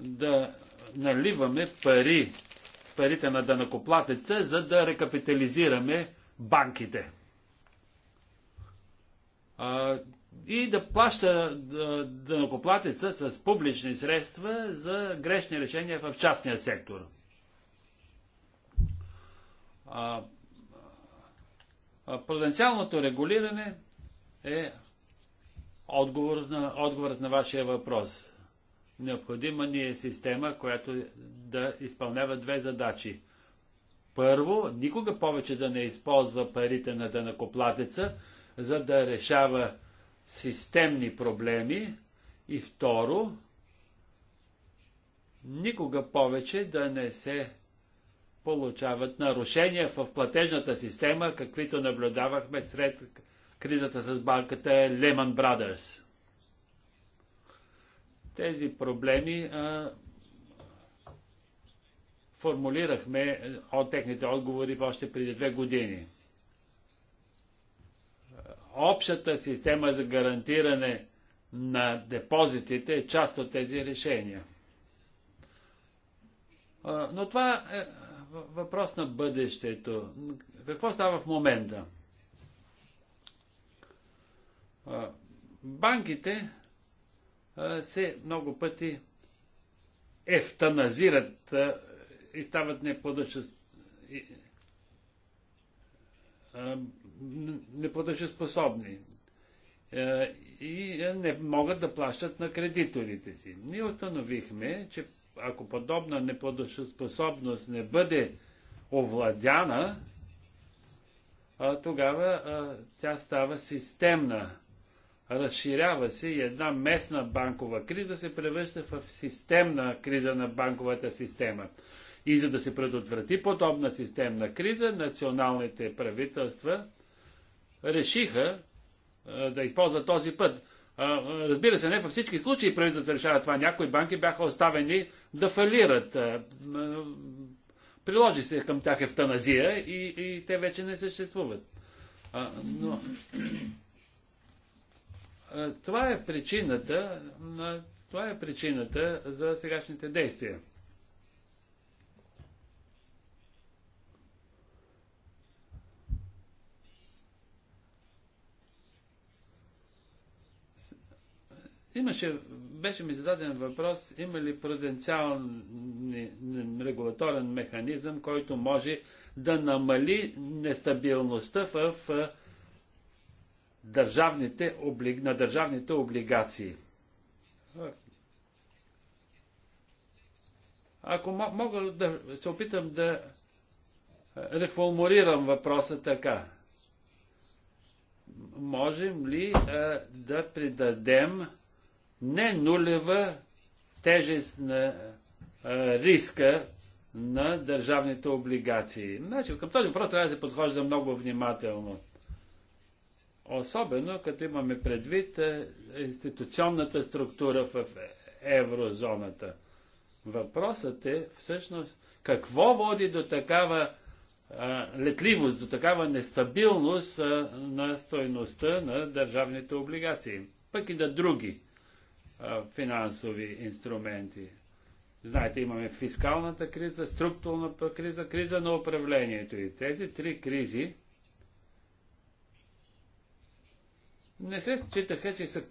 да наливаме пари парите на данакоплатеца, за да рекапитализираме банките. А, и да плаща данакоплатеца с публични средства за грешни решения в частния сектор. А, Пруденциалното регулиране е отговор на, отговорът на вашия въпрос. Необходима ни е система, която да изпълнява две задачи. Първо, никога повече да не използва парите на дънакоплатеца, за да решава системни проблеми. И второ, никога повече да не се получават нарушения в платежната система, каквито наблюдавахме сред кризата с банката Lehman Brothers. Тези проблеми а, формулирахме от техните отговори още преди две години. Общата система за гарантиране на депозитите е част от тези решения. но това е въпрос на бъдещето. Какво става в момента? Банките се много пъти ефтаназират и стават неплатъчеспособни и не могат да плащат на кредиторите си. Ние установихме, че ако подобна неплатъчеспособност не бъде овладяна, тогава тя става системна разширява се и една местна банкова криза се превръща в системна криза на банковата система. И за да се предотврати подобна системна криза, националните правителства решиха а, да използват този път. А, разбира се, не във всички случаи правителството решава това. Някои банки бяха оставени да фалират. А, приложи се към тях евтаназия и, и те вече не съществуват. но е, това е причината, това е причината за сегашните действия. Имаше, беше ми зададен въпрос, има ли пруденциални регулаторен механизъм, който може да намали нестабилността в, в е, държавните, на държавните облигации. Ако мога да се опитам да реформулирам въпроса така. Можем ли а, да придадем не нулева тежест на а, риска на държавните облигации? Значи, към този въпрос трябва да се подхожда много внимателно. Особено като имаме предвид е, институционната структура в еврозоната. Въпросът е всъщност какво води до такава а, летливост, до такава нестабилност а, на стойността на държавните облигации, пък и на други а, финансови инструменти. Знаете, имаме фискалната криза, структурната криза, криза на управлението. И тези три кризи не се считаха, че са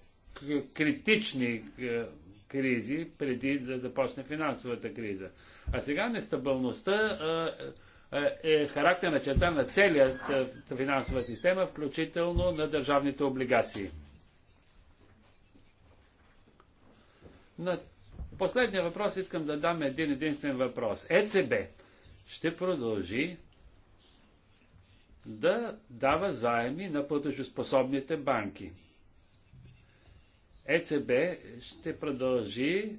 критични е, кризи преди да започне финансовата криза. А сега нестабилността е, е, е характерна черта на целият финансова система, включително на държавните облигации. На последния въпрос искам да дам един единствен въпрос. ЕЦБ ще продължи да дава заеми на платежоспособните банки. ЕЦБ ще продължи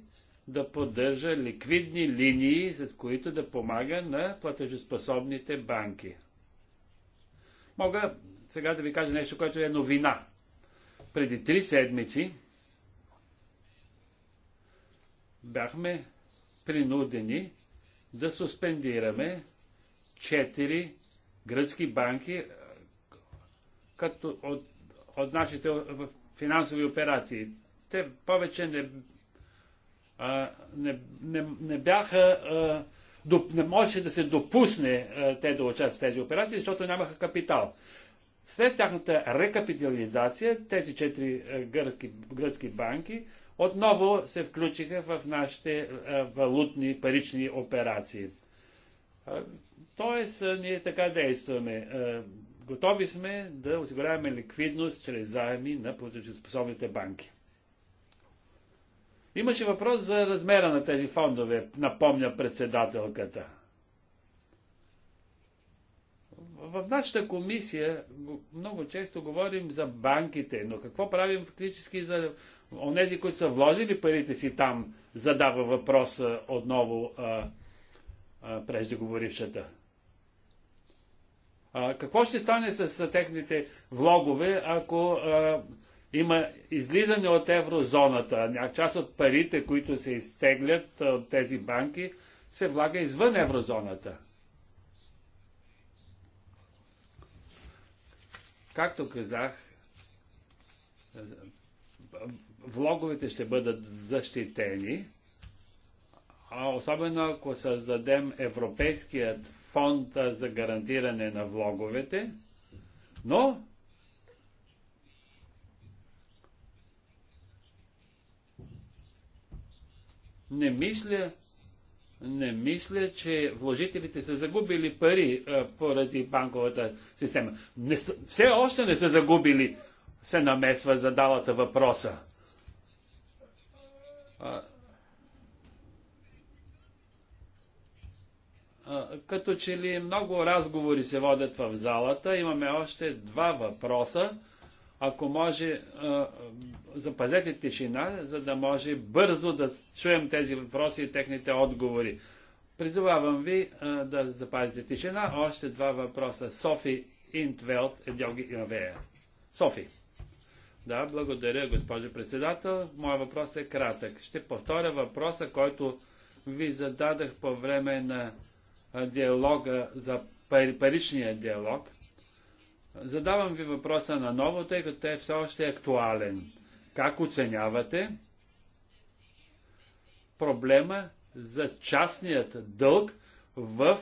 да поддържа ликвидни линии, с които да помага на платежоспособните банки. Мога сега да ви кажа нещо, което е новина. Преди три седмици бяхме принудени да суспендираме четири гръцки банки е, като от, от нашите финансови операции. Те повече не, а, не, не, не бяха. А, доп, не можеше да се допусне а, те да участват в тези операции, защото нямаха капитал. След тяхната рекапитализация, тези четири е, гръцки, гръцки банки отново се включиха в нашите а, е, валутни парични операции. Тоест, ние така действаме. Готови сме да осигуряваме ликвидност чрез заеми на платежоспособните банки. Имаше въпрос за размера на тези фондове, напомня председателката. В нашата комисия много често говорим за банките, но какво правим фактически за онези, които са вложили парите си там, задава въпроса отново а, преждеговорившата. А, какво ще стане с, техните влогове, ако а, има излизане от еврозоната? Част от парите, които се изтеглят от тези банки, се влага извън еврозоната. Както казах, влоговете ще бъдат защитени а особено ако създадем Европейският фонд за гарантиране на влоговете, но не мисля, не мисля, че вложителите са загубили пари а, поради банковата система. Не са, все още не са загубили, се намесва задалата въпроса. А, като че ли много разговори се водят в залата. Имаме още два въпроса. Ако може, запазете тишина, за да може бързо да чуем тези въпроси и техните отговори. Призовавам ви да запазите тишина. Още два въпроса. Софи Интвелт и Дьоги Софи. Да, благодаря, госпожо председател. Моя въпрос е кратък. Ще повторя въпроса, който ви зададах по време на диалога, за паричния диалог. Задавам ви въпроса на ново, тъй като той е все още актуален. Как оценявате проблема за частният дълг в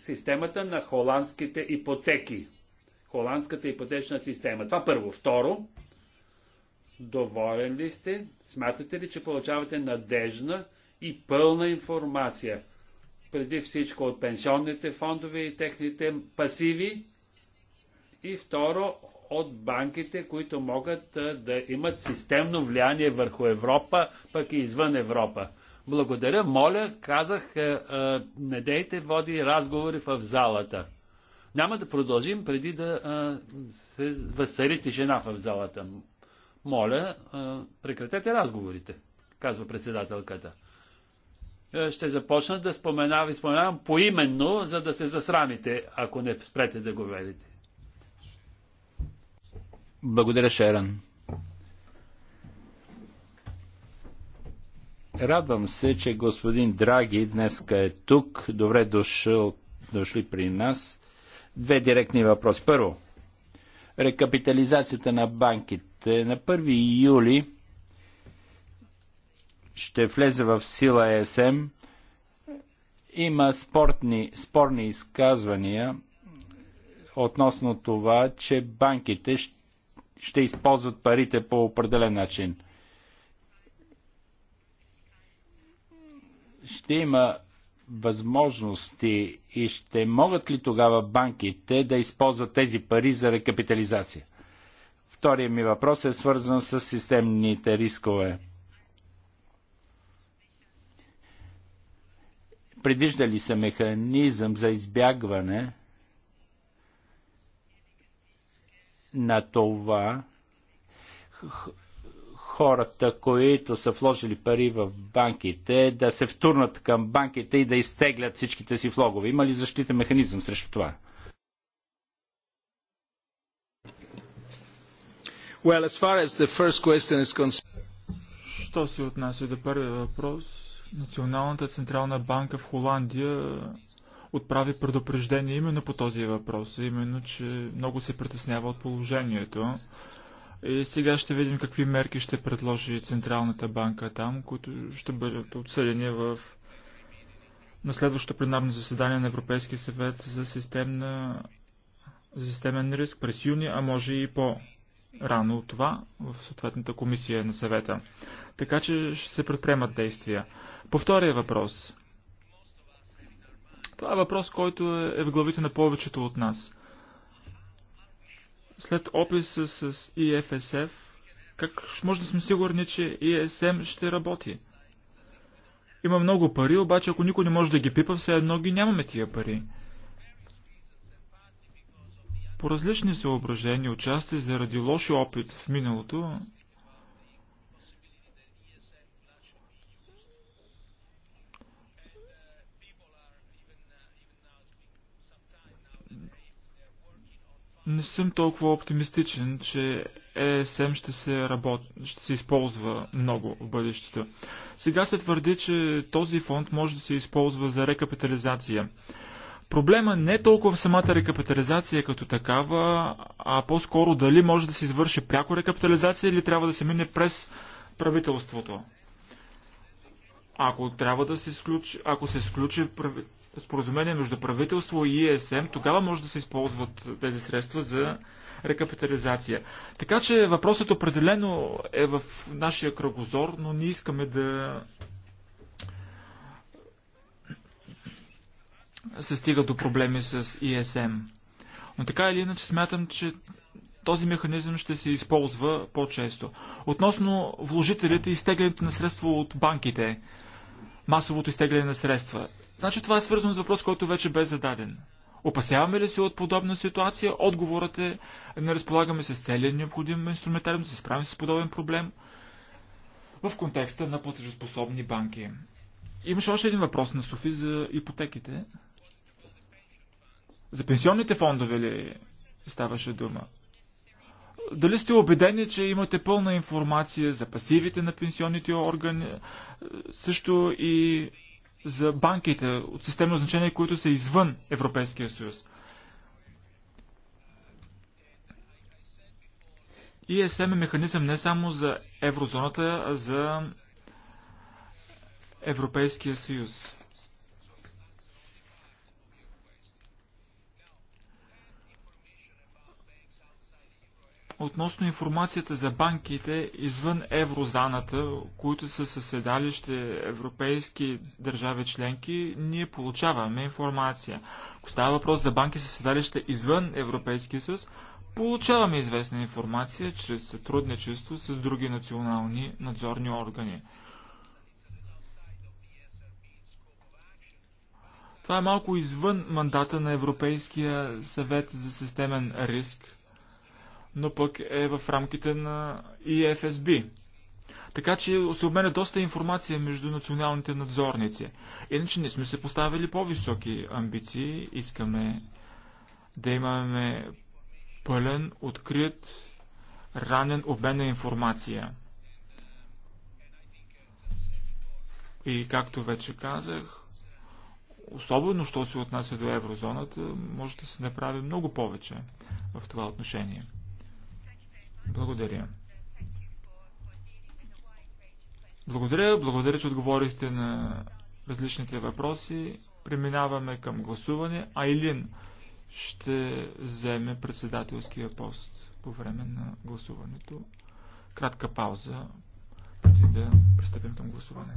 системата на холандските ипотеки? Холандската ипотечна система. Това първо. Второ, доволен ли сте? Смятате ли, че получавате надежна и пълна информация? преди всичко от пенсионните фондове и техните пасиви и второ от банките, които могат да имат системно влияние върху Европа, пък и извън Европа. Благодаря, моля, казах, не дейте води разговори в залата. Няма да продължим преди да се възсарите тишина в залата. Моля, прекратете разговорите, казва председателката. Е, ще започна да спомена, ви споменавам поименно, за да се засрамите, ако не спрете да го ведете. Благодаря, Шеран. Радвам се, че господин Драги днес е тук. Добре дошъл, дошли при нас. Две директни въпроси. Първо, рекапитализацията на банките. На 1 юли ще влезе в сила ЕСМ. Има спортни, спорни изказвания относно това, че банките ще използват парите по определен начин. Ще има възможности и ще могат ли тогава банките да използват тези пари за рекапитализация? Вторият ми въпрос е свързан с системните рискове. Предвижда ли се механизъм за избягване на това хората, които са вложили пари в банките, да се втурнат към банките и да изтеглят всичките си влогове? Има ли защита механизъм срещу това? Well, as far as the first question is concerned... Що се отнася до първия въпрос, Националната централна банка в Холандия е, отправи предупреждение именно по този въпрос, именно, че много се притеснява от положението. И сега ще видим какви мерки ще предложи Централната банка там, които ще бъдат отсъдени в на следващото пленарно заседание на Европейския съвет за, системна, за системен риск през юни, а може и по-рано от това в съответната комисия на съвета. Така че ще се предприемат действия. По втория въпрос. Това е въпрос, който е, е в главите на повечето от нас. След описа с EFSF, как може да сме сигурни, че ESM ще работи? Има много пари, обаче ако никой не може да ги пипа, все едно ги нямаме тия пари. По различни съображения, отчасти заради лоши опит в миналото, не съм толкова оптимистичен, че ESM е ще се, работ... ще се използва много в бъдещето. Сега се твърди, че този фонд може да се използва за рекапитализация. Проблема не е толкова в самата рекапитализация като такава, а по-скоро дали може да се извърши пряко рекапитализация или трябва да се мине през правителството. Ако трябва да се сключи, ако се сключи споразумение между правителство и ЕСМ, тогава може да се използват тези средства за рекапитализация. Така че въпросът определено е в нашия кръгозор, но не искаме да се стига до проблеми с ИСМ. Но така или иначе смятам, че този механизъм ще се използва по-често. Относно вложителите и изтеглянето на средства от банките, масовото изтегляне на средства. Значи това е свързано с въпрос, който вече бе зададен. Опасяваме ли се от подобна ситуация? Отговорът е, не разполагаме с целият необходим инструментариум да се справим с подобен проблем в контекста на платежоспособни банки. Имаше още един въпрос на Софи за ипотеките. За пенсионните фондове ли ставаше дума? Дали сте убедени, че имате пълна информация за пасивите на пенсионните органи, също и за банките от системно значение, които са извън Европейския съюз. ESM е, е механизъм не само за еврозоната, а за Европейския съюз. Относно информацията за банките извън еврозаната, които са със седалище европейски държави членки, ние получаваме информация. Ако става въпрос за банки със седалище извън Европейския съюз, получаваме известна информация чрез сътрудничество с други национални надзорни органи. Това е малко извън мандата на Европейския съвет за системен риск но пък е в рамките на ИФСБ. Така че се обменя доста информация между националните надзорници. Иначе не сме се поставили по-високи амбиции. Искаме да имаме пълен, открит, ранен обмен на информация. И както вече казах, особено що се отнася до еврозоната, може да се направи много повече в това отношение. Благодаря. Благодаря, благодаря, че отговорихте на различните въпроси. Преминаваме към гласуване. Айлин ще вземе председателския пост по време на гласуването. Кратка пауза преди да пристъпим към гласуване.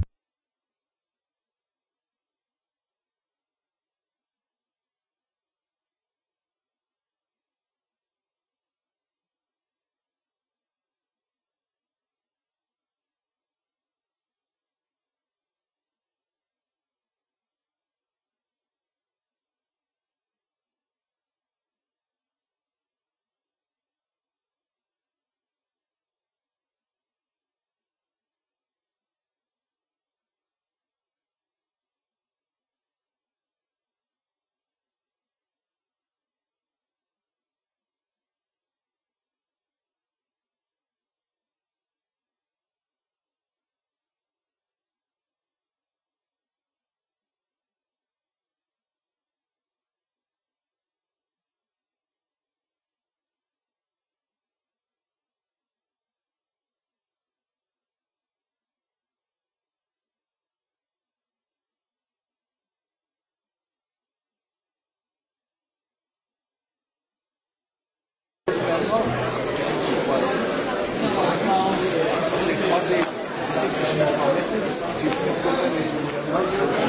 Thank you.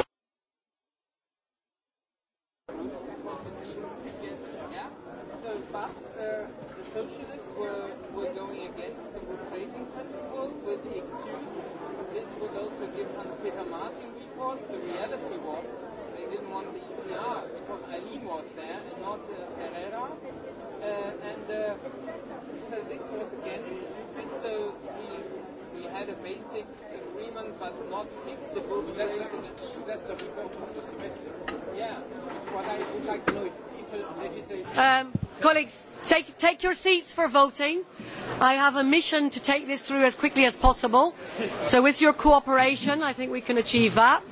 not fix the the of the semester. Yeah. What I would like to know if Um, colleagues, take, take your seats for voting. I have a mission to take this through as quickly as possible. So with your cooperation, I think we can achieve that.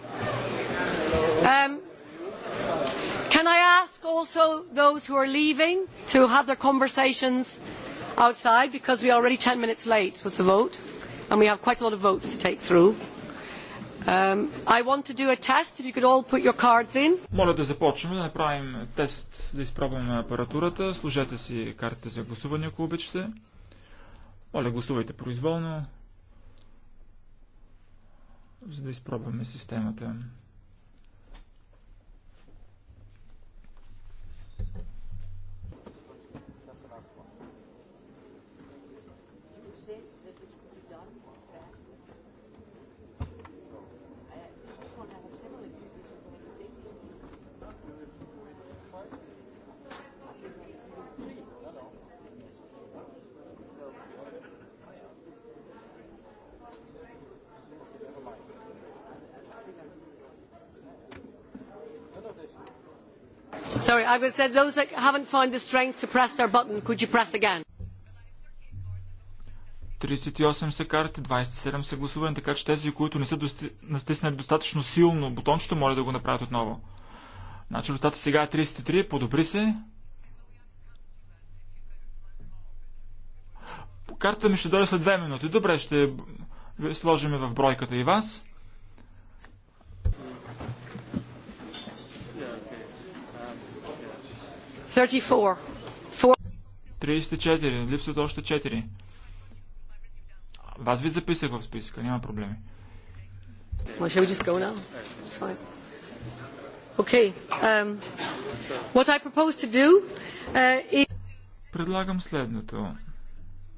Um, can I ask also those who are leaving to have their conversations outside because we are already ten minutes late with the vote and we have quite a lot of votes to take through. Um, Моля да започнем, да направим тест, да изпробваме апаратурата. Служете си картите за гласуване, ако обичате. Моля, гласувайте произволно, за да изпробваме системата. Sorry, I was said those that haven't found the strength to press their button, could you press again? 38 са карите, 27 са гласувани, така че тези, които не са дости... настиснали достатъчно силно бутончето, моля да го направят отново. Значи резултата сега е 33, подобри се. Картата ми ще дойде след 2 минути. Добре, ще сложим в бройката и вас. 34. Липсват още 4. Вас ви записах в списъка, няма проблеми. Shall we just go now? It's fine. Okay. Um, what I propose to do uh, is... Предлагам следното.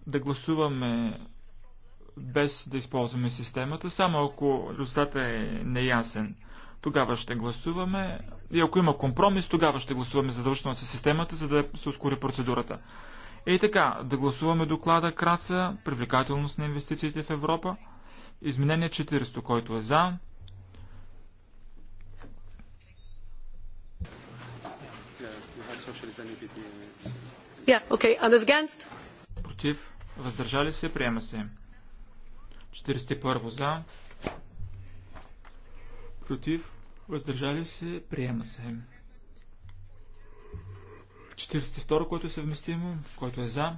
Да гласуваме без да използваме системата, само ако резултатът е неясен тогава ще гласуваме. И ако има компромис, тогава ще гласуваме задължително със системата, за да се ускори процедурата. И така, да гласуваме доклада Краца, привлекателност на инвестициите в Европа, изменение 400, който е за. Yeah, okay. Против, въздържали се, приема се. 41 за против, въздържали се, приема се. 42, което е съвместимо, който е за.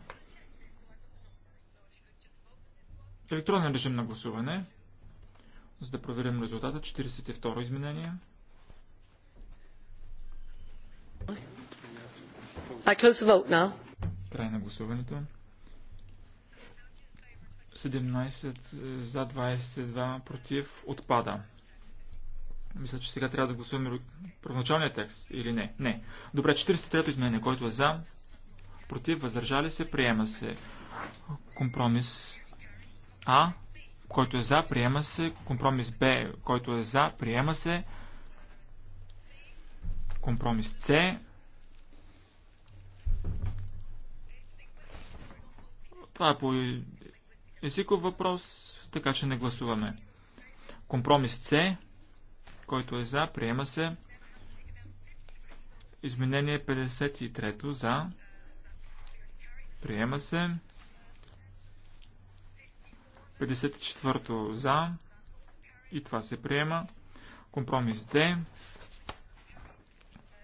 Електронен режим на гласуване, за да проверим резултата. 42 изменение. I close the vote now. Край на гласуването. 17 за 22 против отпада. Мисля, че сега трябва да гласуваме първоначалния текст или не. Не. Добре, 43-то изменение, който е за, против, въздържали се, приема се. Компромис А, който е за, приема се. Компромис Б, който е за, приема се. Компромис С. Това е по езиков въпрос, така че не гласуваме. Компромис С. Който е за, приема се. Изменение 53 за. Приема се. 54 за. И това се приема. Компромис Д.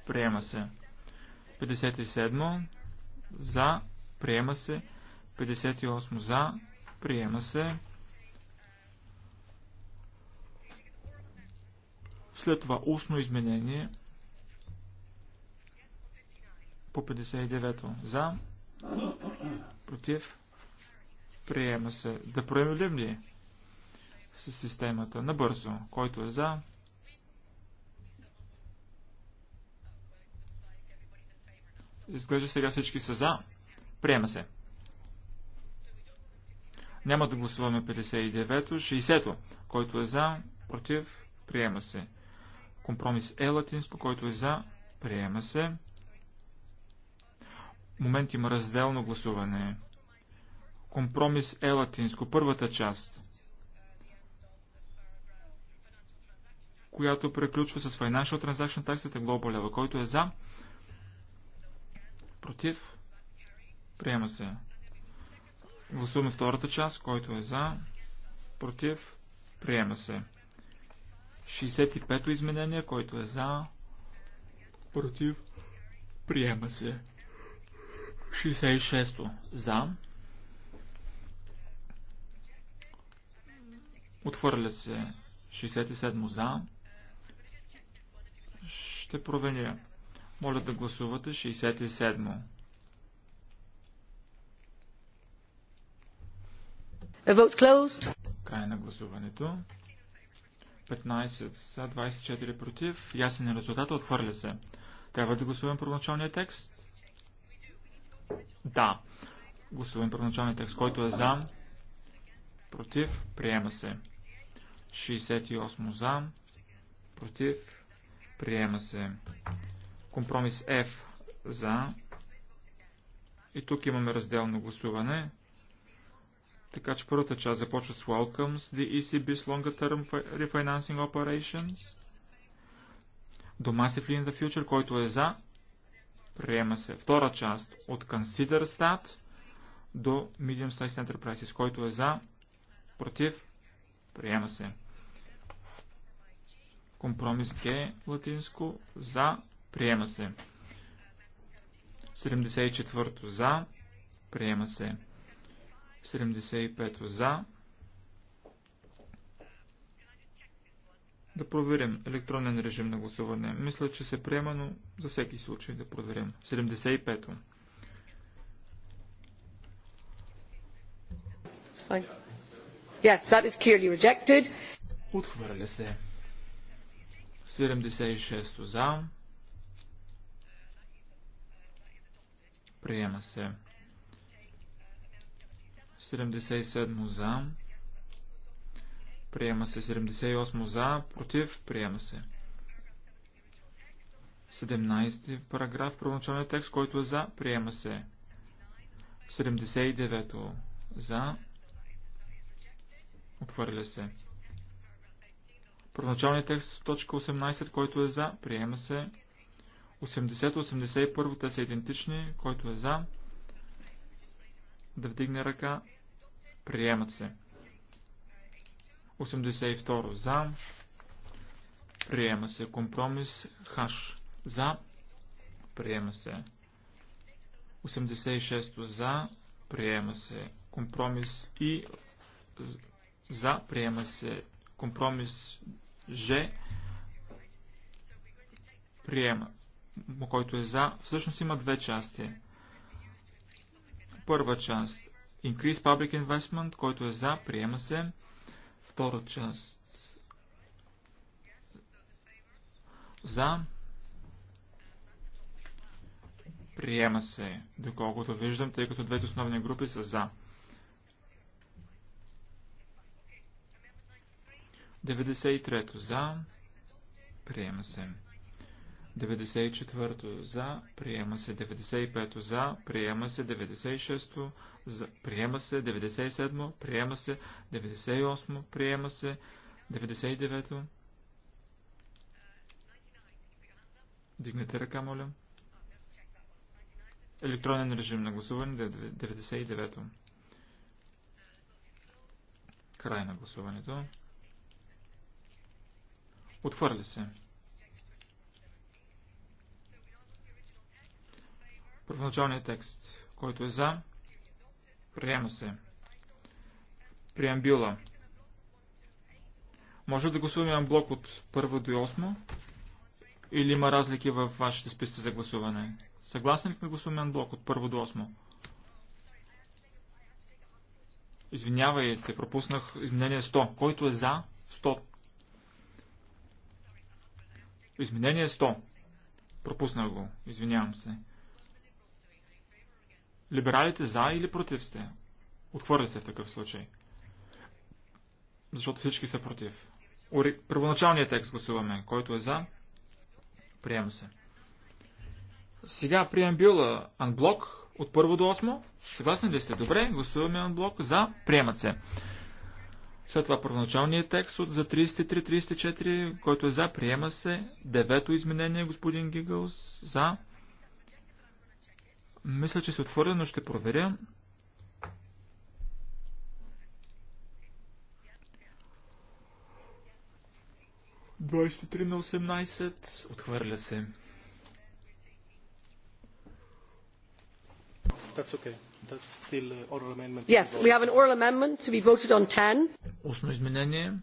Приема се. 57 за. Приема се. 58 за. Приема се. След това устно изменение по 59-то. За, против, приема се. Да проявим ли с системата? Набързо. Който е за, Изглежда сега всички са за. Приема се. Няма да гласуваме 59-то, 60-то, който е за, против, приема се. Компромис е латинско, който е за. Приема се. Момент има разделно гласуване. Компромис е латинско. Първата част, която преключва с Financial Transaction таксата Global Level, който е за. Против. Приема се. Гласуваме втората част, който е за. Против. Приема се. 65-то изменение, който е за, против, приема се. 66-то за, отвърля се. 67 за, ще проверя. Моля да гласувате 67. Край на гласуването. 15 за 24 против. Ясен е резултат, отхвърля се. Трябва да гласуваме първоначалния текст? Да. Гласуваме първоначалния текст, който е за, против, приема се. 68 за, против, приема се. Компромис F за. И тук имаме разделно гласуване. Така че първата част започва с Welcomes the ECB's Longer Term Refinancing Operations. До Massive in the Future, който е за, приема се. Втора част от Consider Stat до Medium Size Enterprises, който е за, против, приема се. Компромис Г, латинско, за, приема се. 74 то за, приема се. 75 за. Да проверим електронен режим на гласуване. Мисля, че се приема, но за всеки случай да проверим. 75-то. Yes, that is clearly rejected. Отхвърля се. 76 за. Приема се. 77 за. Приема се 78 за. Против. Приема се. 17 параграф, Първоначалният текст, който е за. Приема се. 79 за. Отвърля се. Първоначалният текст, точка 18, който е за. Приема се. 80-81, те са идентични, който е за да вдигне ръка. Приемат се. 82 за. Приема се. Компромис хаш за. Приема се. 86 за. Приема се. Компромис и за. Приема се. Компромис Ж. Приема. Който е за. Всъщност има две части. Първа част. Increase Public Investment, който е за, приема се. Втора част. За. Приема се, доколкото виждам, тъй като двете основни групи са за. 93 за. Приема се. 94-то за, приема се 95-то за, приема се 96-то, за, приема се 97-то, приема се 98-то, приема се 99-то. Дигнете ръка, моля. Електронен режим на гласуване 99-то. Край на гласуването. Отвърли се. Първоначалният текст, който е за, приема се. Преамбюла. Може да гласуваме блок от 1 до 8 или има разлики в вашите списъци за гласуване? Съгласен ли да гласуваме блок от 1 до 8? Извинявайте, пропуснах изменение 100. Който е за 100? Изменение 100. Пропуснах го. Извинявам се. Либералите за или против сте? Отхвърля се в такъв случай. Защото всички са против. Първоначалният текст гласуваме. Който е за, приема се. Сега прием бил анблок от първо до осмо. Съгласни ли сте? Добре, гласуваме анблок за, приемат се. След това първоначалният текст от за 33-34, който е за, приема се. Девето изменение, господин Гигълс, за, мисля, че се отхвърля, но ще проверя. Двадесет три на 18. Отхвърля се. That's okay. That's still uh, oral amendment. Yes, we have an oral amendment to be voted on 10. Устно изменение,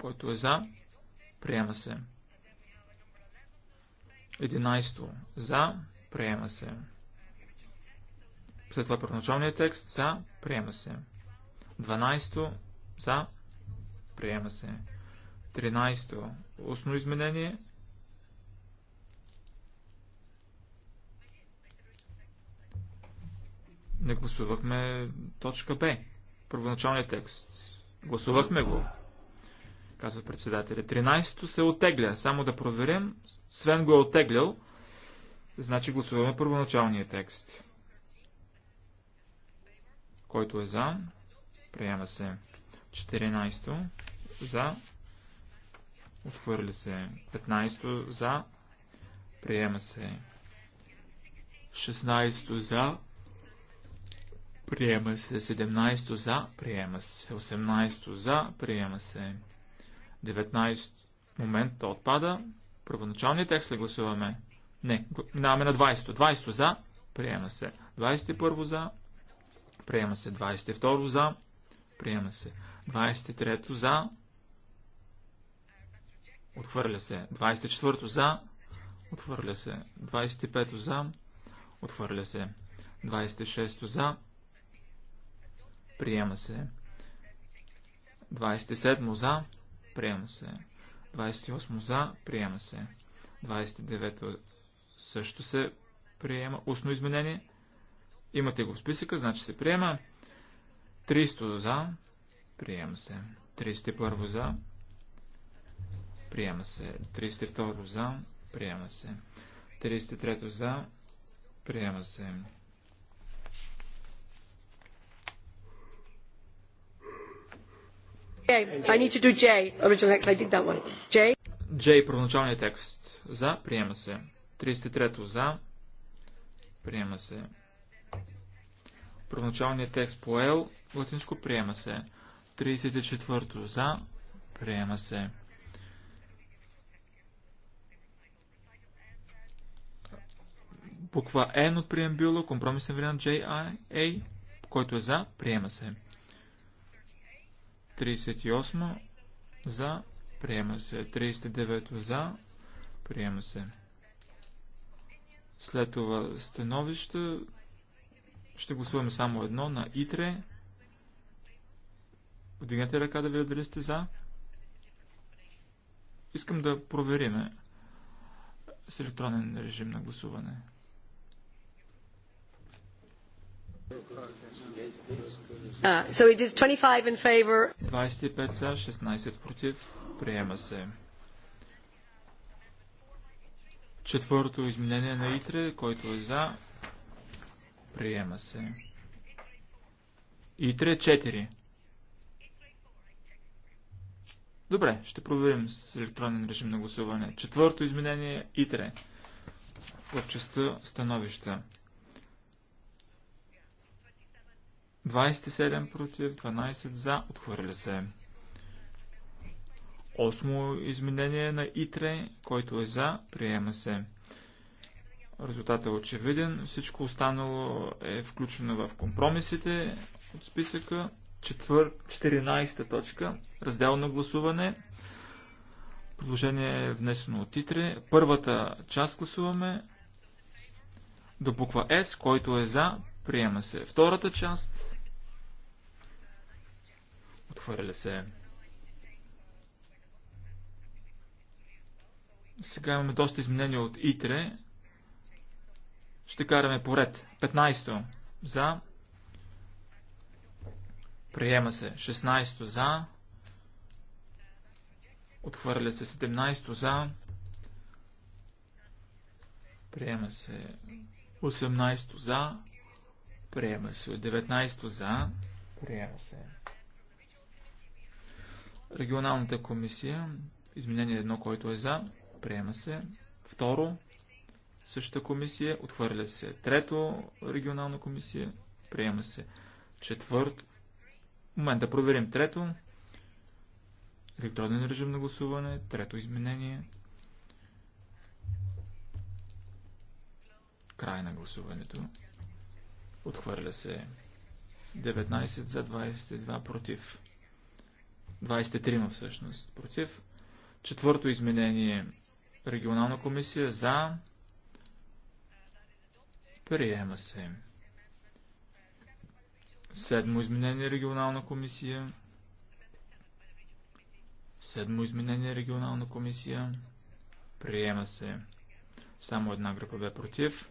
който е за, приема се. 11. За, приема се. След това първоначалният текст за, приема се. 12 за, приема се. 13 устно изменение. Не гласувахме точка Б. Първоначалният текст. Гласувахме го казва председателя. 13-то се отегля. Само да проверим. Свен го е отеглял. Значи гласуваме първоначалния текст. Който е за, приема се. 14 за, отхвърли се. 15 за, приема се. 16 за, приема се. 17 за, приема се. 18 за, приема се. 19 момента отпада. Първоначалният текст ли гласуваме? Не, минаваме на 20. 20 за, приема се. 21 за, Приема се 22 за. Приема се 23 за. Отхвърля се 24 за. Отхвърля се 25 за. Отхвърля се 26 за. Приема се 27 за. Приема се 28 за. Приема се 29 също се приема устно изменение. Имате го в списъка, значи се приема. 300 за. Приема се. 31 за. Приема се. 32 за. Приема се. 303 за. Приема се. I need to do J. Original text, I did that one. J. J, първоначалният текст. За, приема се. 33 за, приема се. Първоначалният текст по Ел, латинско приема се. 34-то за, приема се. Буква N от преамбюла, компромисен вариант JIA, който е за, приема се. 38 за, приема се. 39 за, приема се. След това становище, ще гласуваме само едно на ИТРЕ. Вдигнете ръка да видя дали сте за. Искам да провериме с електронен режим на гласуване. Uh, so 25, 25 за, 16 против. Приема се. Четвърто изменение на ИТРЕ, който е за, Приема се. И 3-4. Добре, ще проверим с електронен режим на гласуване. Четвърто изменение ИТРЕ в частта становища. 27 против, 12 за, отхвърля се. Осмо изменение на ИТРЕ, който е за, приема се. Резултатът е очевиден. Всичко останало е включено в компромисите от списъка. Четвър... 14 точка. Разделно гласуване. Предложение е внесено от титри. Първата част гласуваме до буква С, който е за, приема се. Втората част отхвърля се. Сега имаме доста изменения от ИТРЕ. Ще караме поред. 15 за. Приема се. 16 за. Отхвърля се. 17 за. Приема се. 18 за. Приема се. 19 за. Приема се. Регионалната комисия. Изменение едно, което е за. Приема се. Второ. Същата комисия отхвърля се. Трето регионална комисия приема се. Четвърт. Момент да проверим трето. Електронен режим на гласуване. Трето изменение. Край на гласуването. Отхвърля се. 19 за 22 против. 23 всъщност против. Четвърто изменение. Регионална комисия за Приема се. Седмо изменение регионална комисия. Седмо изменение регионална комисия. Приема се. Само една група бе против.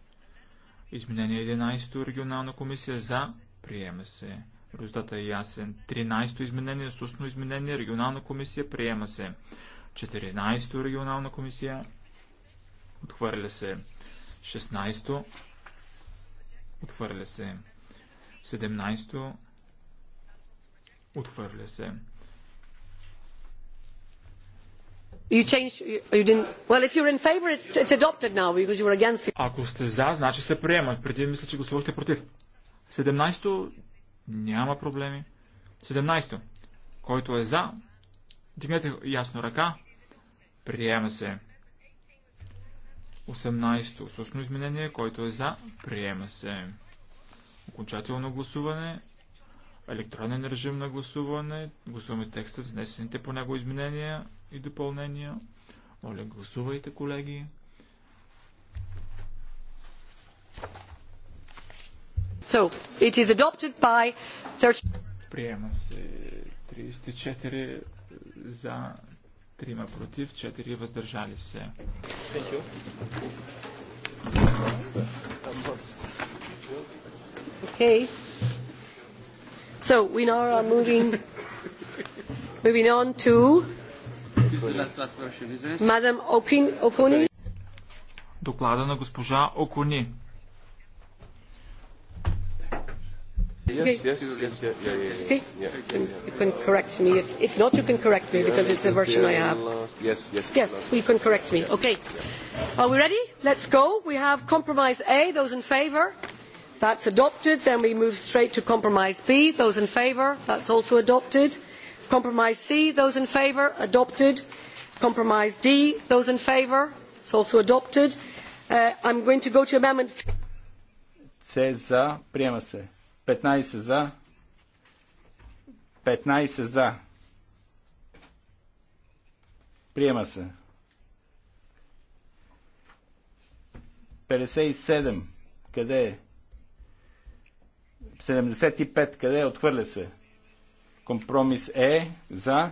Изменение 11 регионална комисия за. Приема се. Резултата е ясен. 13-то изменение, сусно изменение, регионална комисия, приема се. 14-то регионална комисия, отхвърля се. 16-то Отвърля се. 17. то Отвърля се. Ако сте за, значи се приема. Преди мисля, че гласувахте против. 17-то няма проблеми. 17-то. Който е за, дигнете ясно ръка. Приема се. 18. С изменение, който е за, приема се. Окончателно гласуване. Електронен режим на гласуване. Гласуваме текста с внесените по него изменения и допълнения. Моля, гласувайте, колеги. So, it is adopted by 30... Приема се 34 за 3 против, 4 въздържали се. Okay. So we now are moving moving on to Madam Okuni. Доклада на госпожа Окуни. Yes, yes, yes, yeah, yeah, yeah. You can correct me. If, if not, you can correct me because it's a version I have. Yes, yes. Yes, you can correct me. Okay. Are we ready? Let's go. We have compromise A. Those in favour? That's adopted. Then we move straight to compromise B. Those in favour? That's also adopted. Compromise C. Those in favour? Adopted. Compromise D. Those in favour? It's also adopted. Uh, I'm going to go to amendment. Це Приема се. 15 за. 15 за. Приема се. 57. Къде е? 75. Къде е? Отхвърля се. Компромис е за.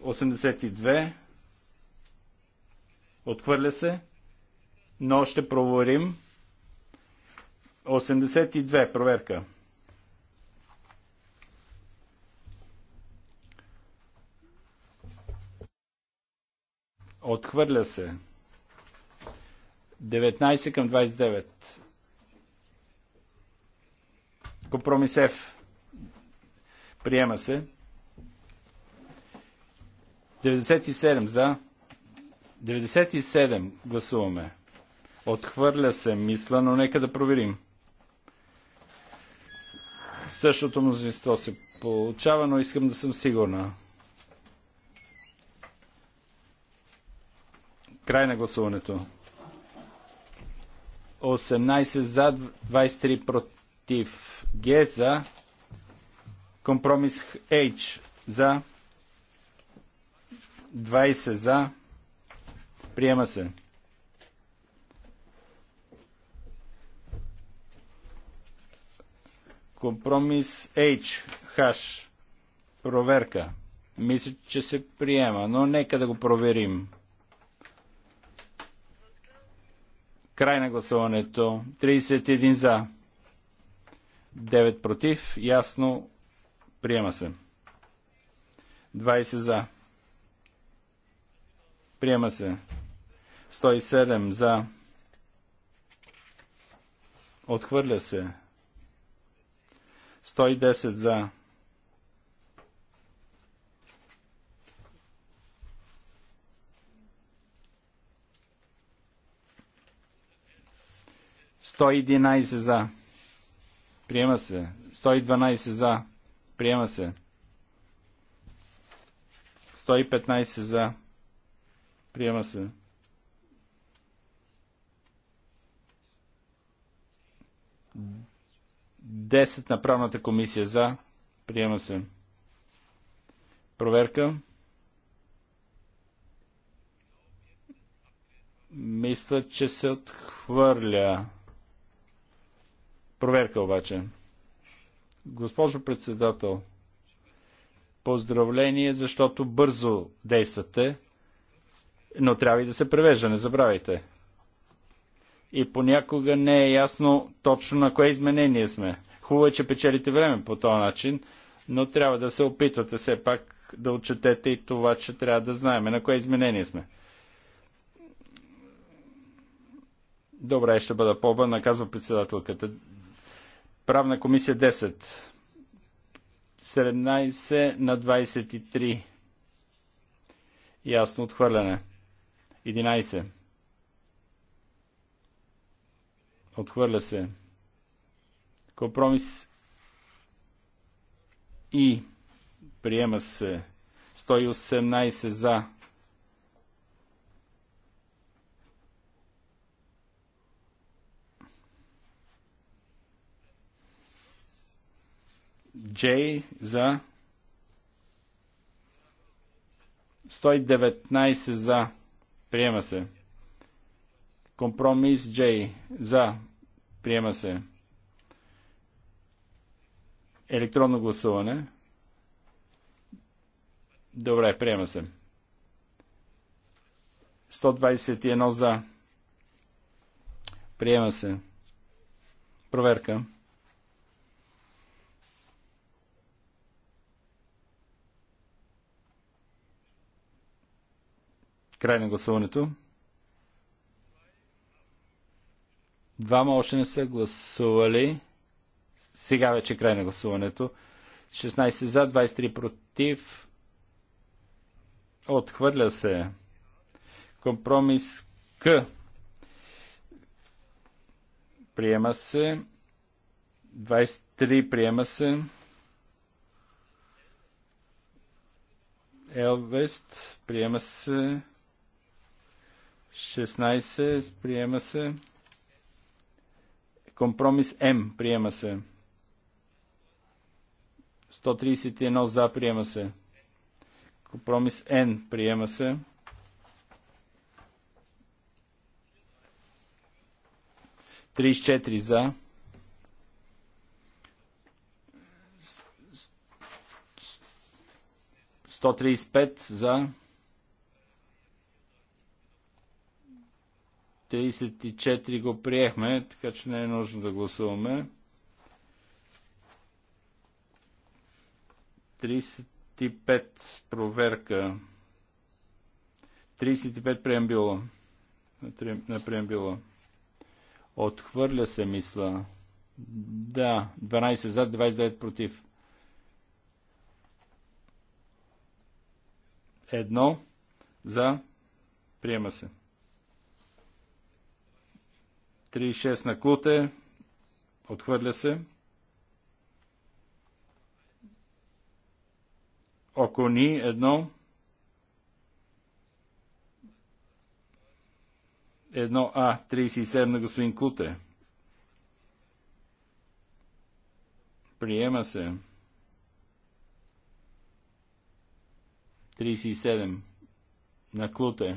82. Отхвърля се. Но ще проверим. 82. Проверка. Отхвърля се. 19 към 29. Компромис F. Приема се. 97 за. 97 гласуваме. Отхвърля се, мисля, но нека да проверим същото мнозинство се получава, но искам да съм сигурна. Край на гласуването. 18 за, 23 против. Г за. Компромис H за. 20 за. Приема се. Компромис H, хаш, проверка. Мисля, че се приема, но нека да го проверим. Край на гласуването. 31 за. 9 против. Ясно. Приема се. 20 за. Приема се. 107 за. Отхвърля се. 110 за. Сто единайсет за. Приема се. 112 за. Приема се. 115 за. Приема се. Mm-hmm. 10 на правната комисия за. Приема се. Проверка. Мисля, че се отхвърля. Проверка обаче. Госпожо председател, поздравление, защото бързо действате, но трябва и да се превежда, не забравяйте и понякога не е ясно точно на кое изменение сме. Хубаво е, че печелите време по този начин, но трябва да се опитвате все пак да отчетете и това, че трябва да знаем на кое изменение сме. Добре, ще бъда по-бън, наказва председателката. Правна комисия 10. 17 на 23. Ясно отхвърляне. 11. Отхвърля се. Компромис И. Приема се. 118 за. J за. 119 за. Приема се. Компромис J за. Приема се. Електронно гласуване. Добре, приема се. 121 за. Приема се. Проверка. Край на гласуването. Двама още не са гласували. Сега вече край на гласуването. 16 за, 23 против. Отхвърля се. Компромис К. Приема се. 23 приема се. Елвест приема се. 16 приема се. Компромис М. Приема се. 131 за. Приема се. Компромис Н. Приема се. Тридесет четири за. 135 за. 34 го приехме, така че не е нужно да гласуваме. 35 проверка. 35 преамбюла. На преамбюла. Отхвърля се, мисля. Да, 12 за, 29 против. Едно за. Приема се. 36 на Клуте. Отхвърля се. ни едно. Едно А, 37 на господин Клуте. Приема се. 37 на Клуте.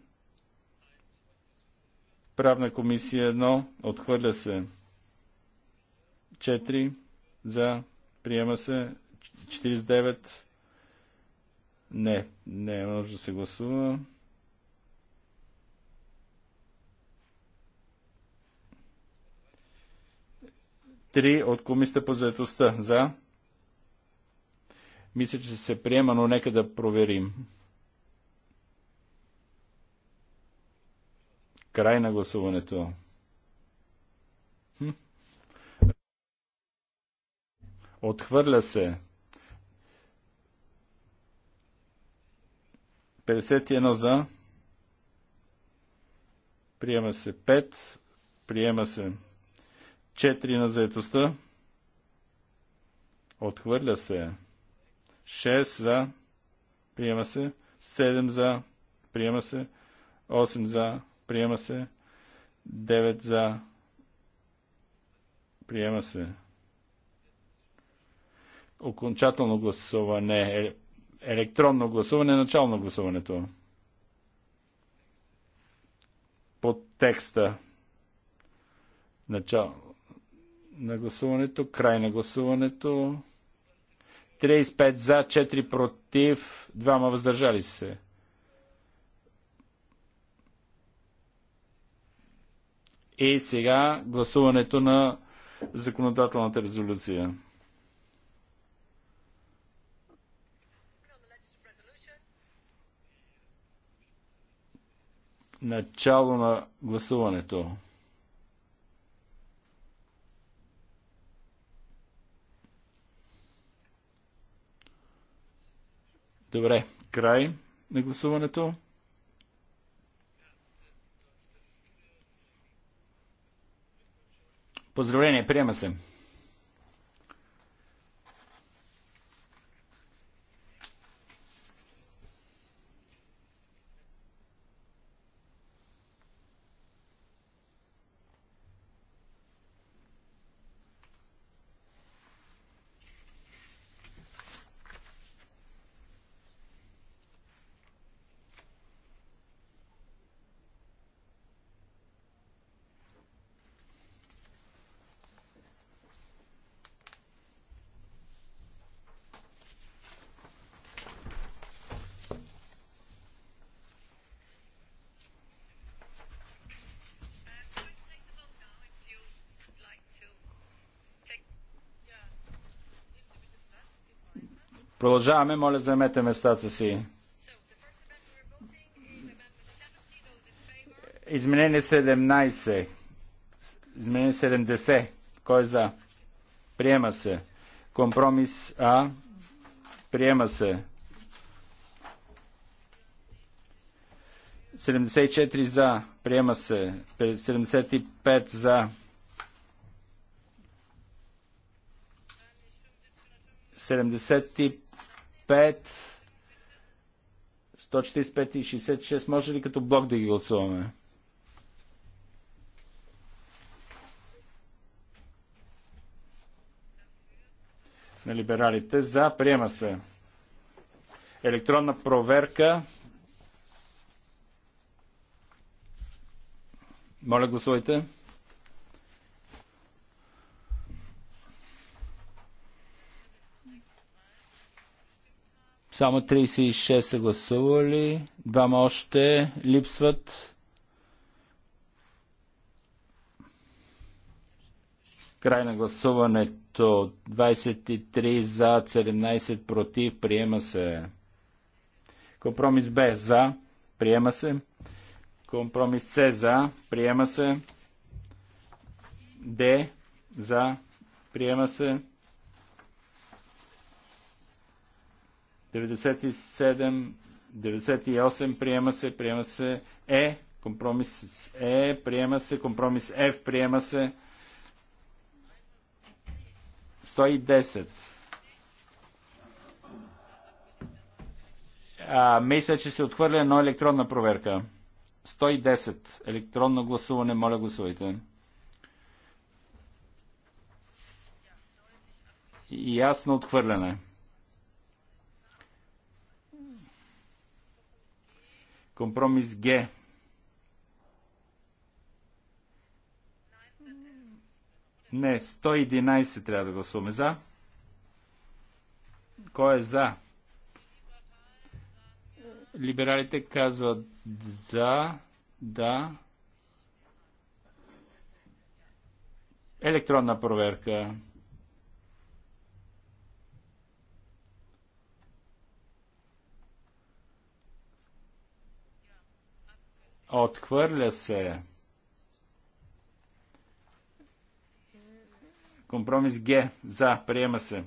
Правна комисия 1. Отхвърля се. 4. За. Приема се. 49. Не. Не може да се гласува. Три от комисията по заедостта. За. Мисля, че се приема, но нека да проверим. Край на гласуването. Отхвърля се. 51 за. Приема се 5. Приема се 4 на заетостта. Отхвърля се. 6 за. Приема се. 7 за. Приема се. 8 за. Приема се. 9 за. Приема се. Окончателно гласуване. Е, електронно гласуване. Начало на гласуването. Под текста. Начало на гласуването. Край на гласуването. 35 за, 4 против, 2 въздържали се. И сега гласуването на законодателната резолюция. Начало на гласуването. Добре, край на гласуването. Поздравление, приема се. Продължаваме. Моля, заемете местата си. Изменение 17. Изменение 70. Кой е за? Приема се. Компромис А. Приема се. 74 за. Приема се. 75 за. 75, 145 и 66. Може ли като блок да ги гласуваме? на либералите. За, приема се. Електронна проверка. Моля, гласувайте. Само 36 са гласували. Двама още липсват. Край на гласуването. 23 за, 17 против. Приема се. Компромис Б за. Приема се. Компромис С за. Приема се. Д за. Приема се. 97, 98 приема се, приема се Е, компромис Е, приема се, компромис Ф, приема се. 110. А, мисля, че се отхвърля едно електронна проверка. 110. Електронно гласуване. Моля, гласувайте. Ясно отхвърляне. Компромис Г. Не, 111 трябва да гласуваме за. Кой е за? Либералите казват за, да. Електронна проверка. Отхвърля се. Компромис Г. За. Приема се.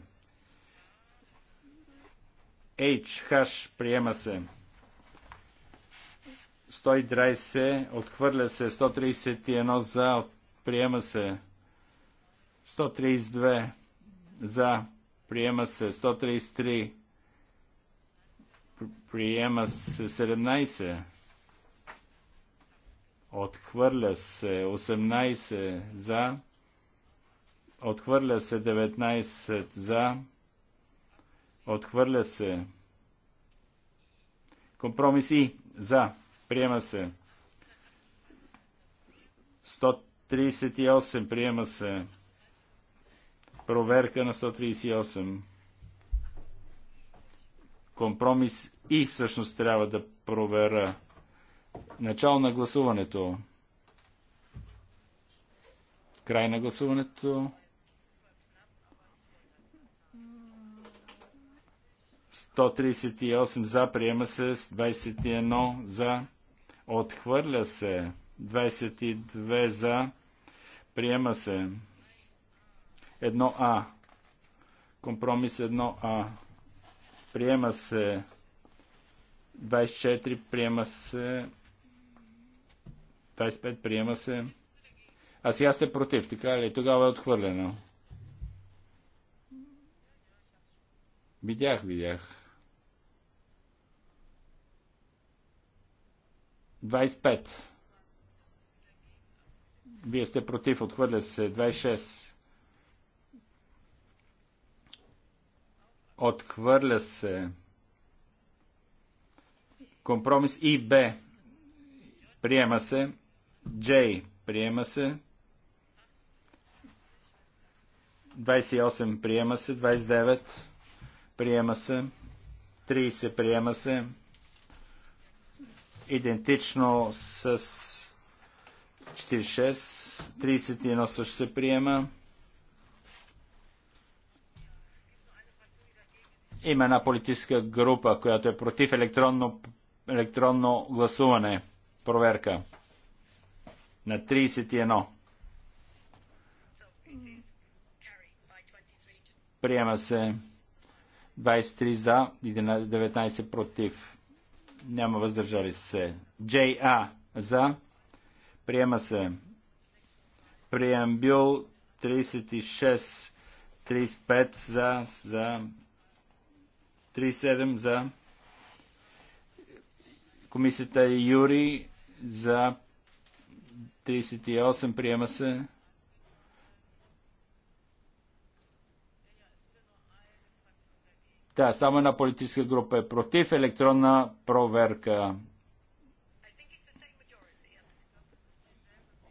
H. Хаш. Приема се. 130. Отхвърля се. 131. За. Приема се. 132. За. Приема се. 133. Приема се. 17. Отхвърля се 18 за. Отхвърля се 19 за. Отхвърля се. Компромис И. За. Приема се. 138. Приема се. Проверка на 138. Компромис И всъщност трябва да проверя. Начало на гласуването. Край на гласуването. Сто за приема се с 21 за. Отхвърля се. 22 за. Приема се. 1А. Компромис 1А. Приема се. 24. Приема се. 25 приема се. А сега сте против, така ли? Тогава е отхвърлено. Видях, видях. 25. Вие сте против, отхвърля се. 26. Отхвърля се. Компромис И Б. Приема се. J. Приема се. 28. Приема се. 29. Приема се. 30. Приема се. Идентично с 46. 31 също се приема. Има една политическа група, която е против електронно, електронно гласуване. Проверка на 31. Приема се 23 за, 19 против. Няма въздържали се. JA за. Приема се. Преамбюл 36, 35 за, за 37 за. Комисията Юри за 38 приема се. Да, само една политическа група е против електронна проверка.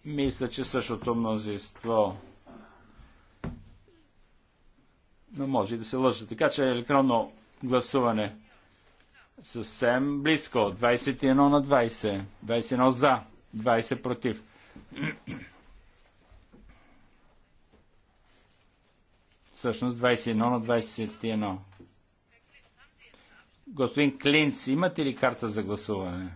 Мисля, че същото мнозинство. Но може и да се лъжа. Така че електронно гласуване съвсем близко. 21 на 20. 21 за. 20 против. Всъщност 21 на 21. Господин Клинц, имате ли карта за гласуване?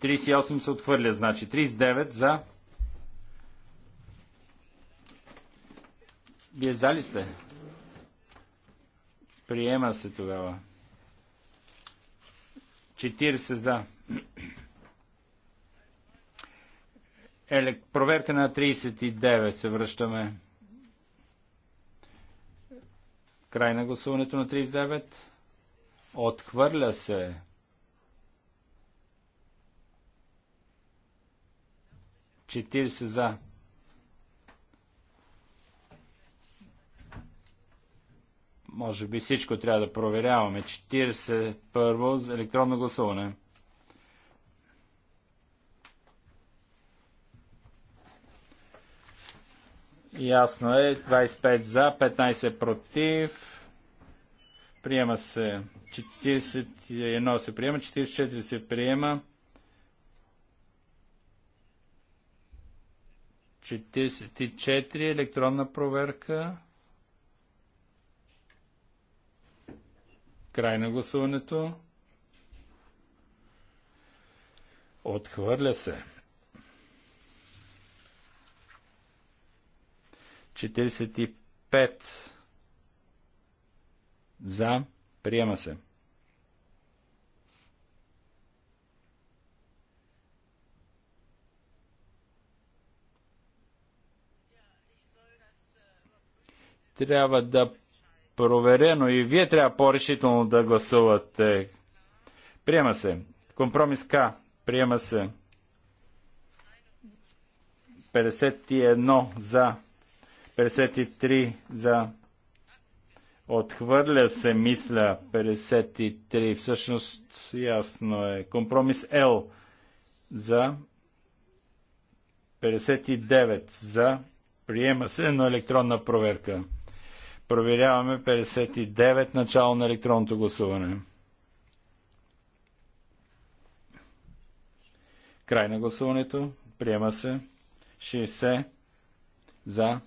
Тридесет и осем се отхвърля, значи. 39 девет за. Вие за ли сте? Приема се тогава. 40 за. Проверка на 39 се връщаме. Край на гласуването на 39. Отхвърля се. се за. може би всичко трябва да проверяваме. 40 първо за електронно гласуване. Ясно е. 25 за, 15 е против. Приема се. 41 се приема, 44 се приема. 44 електронна проверка. Край на гласуването. Отхвърля се. 45 за. Приема се. Трябва да проверено и вие трябва по-решително да гласувате. Приема се. Компромис К. Приема се. 51 за. 53 за. Отхвърля се, мисля, 53. Всъщност, ясно е. Компромис Л за 59 за. Приема се, на електронна проверка. Проверяваме 59 начало на електронното гласуване. Край на гласуването. Приема се. 60 за.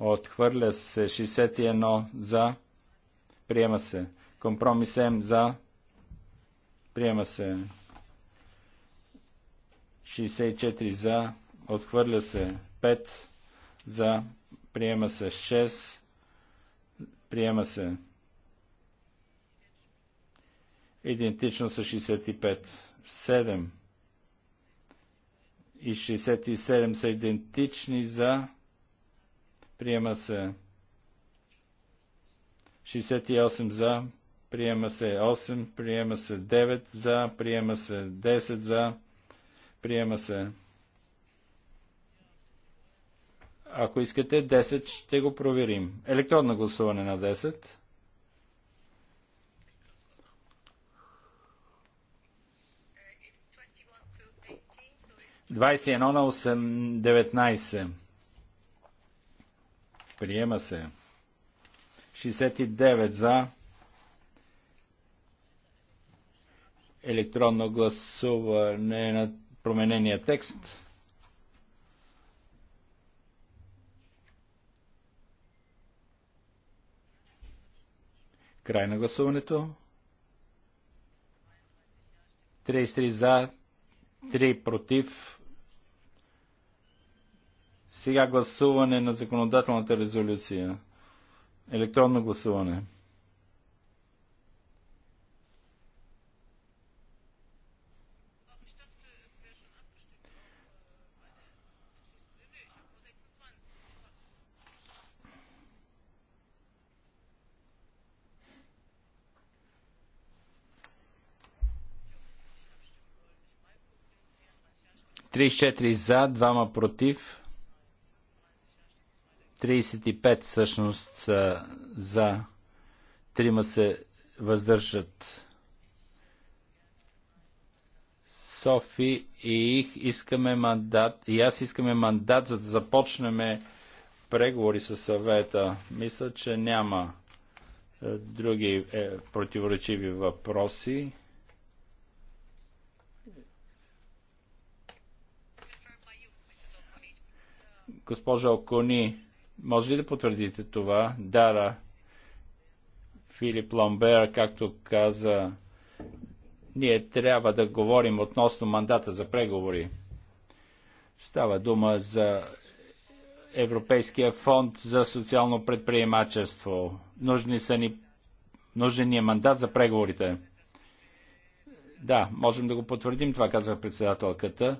Отхвърля се. 61 за. Приема се. Компромис М за. Приема се. 64 за. Отхвърля се. 5 за, приема се 6, приема се идентично с 65, 7 и 67 са идентични за, приема се 68 за, приема се 8, приема се 9 за, приема се 10 за, приема се Ако искате 10, ще го проверим. Електронно гласуване на 10. Двадесет едно на осем деветнайсет. Приема се. 69 за. Електронно гласуване на променения текст. Край на гласуването. 33 за, 3 против. Сега гласуване на законодателната резолюция. Електронно гласуване. 34 за, 2 против. 35 всъщност са за. 3 се въздържат. Софи и их искаме мандат, и аз искаме мандат, за да започнем преговори с съвета. Мисля, че няма е, други е, противоречиви въпроси. Госпожа Окони, може ли да потвърдите това? Дара Филип Ломбер, както каза, ние трябва да говорим относно мандата за преговори. Става дума за Европейския фонд за социално предприемачество. Нужни са ни, нужен ни е мандат за преговорите. Да, можем да го потвърдим, това казва председателката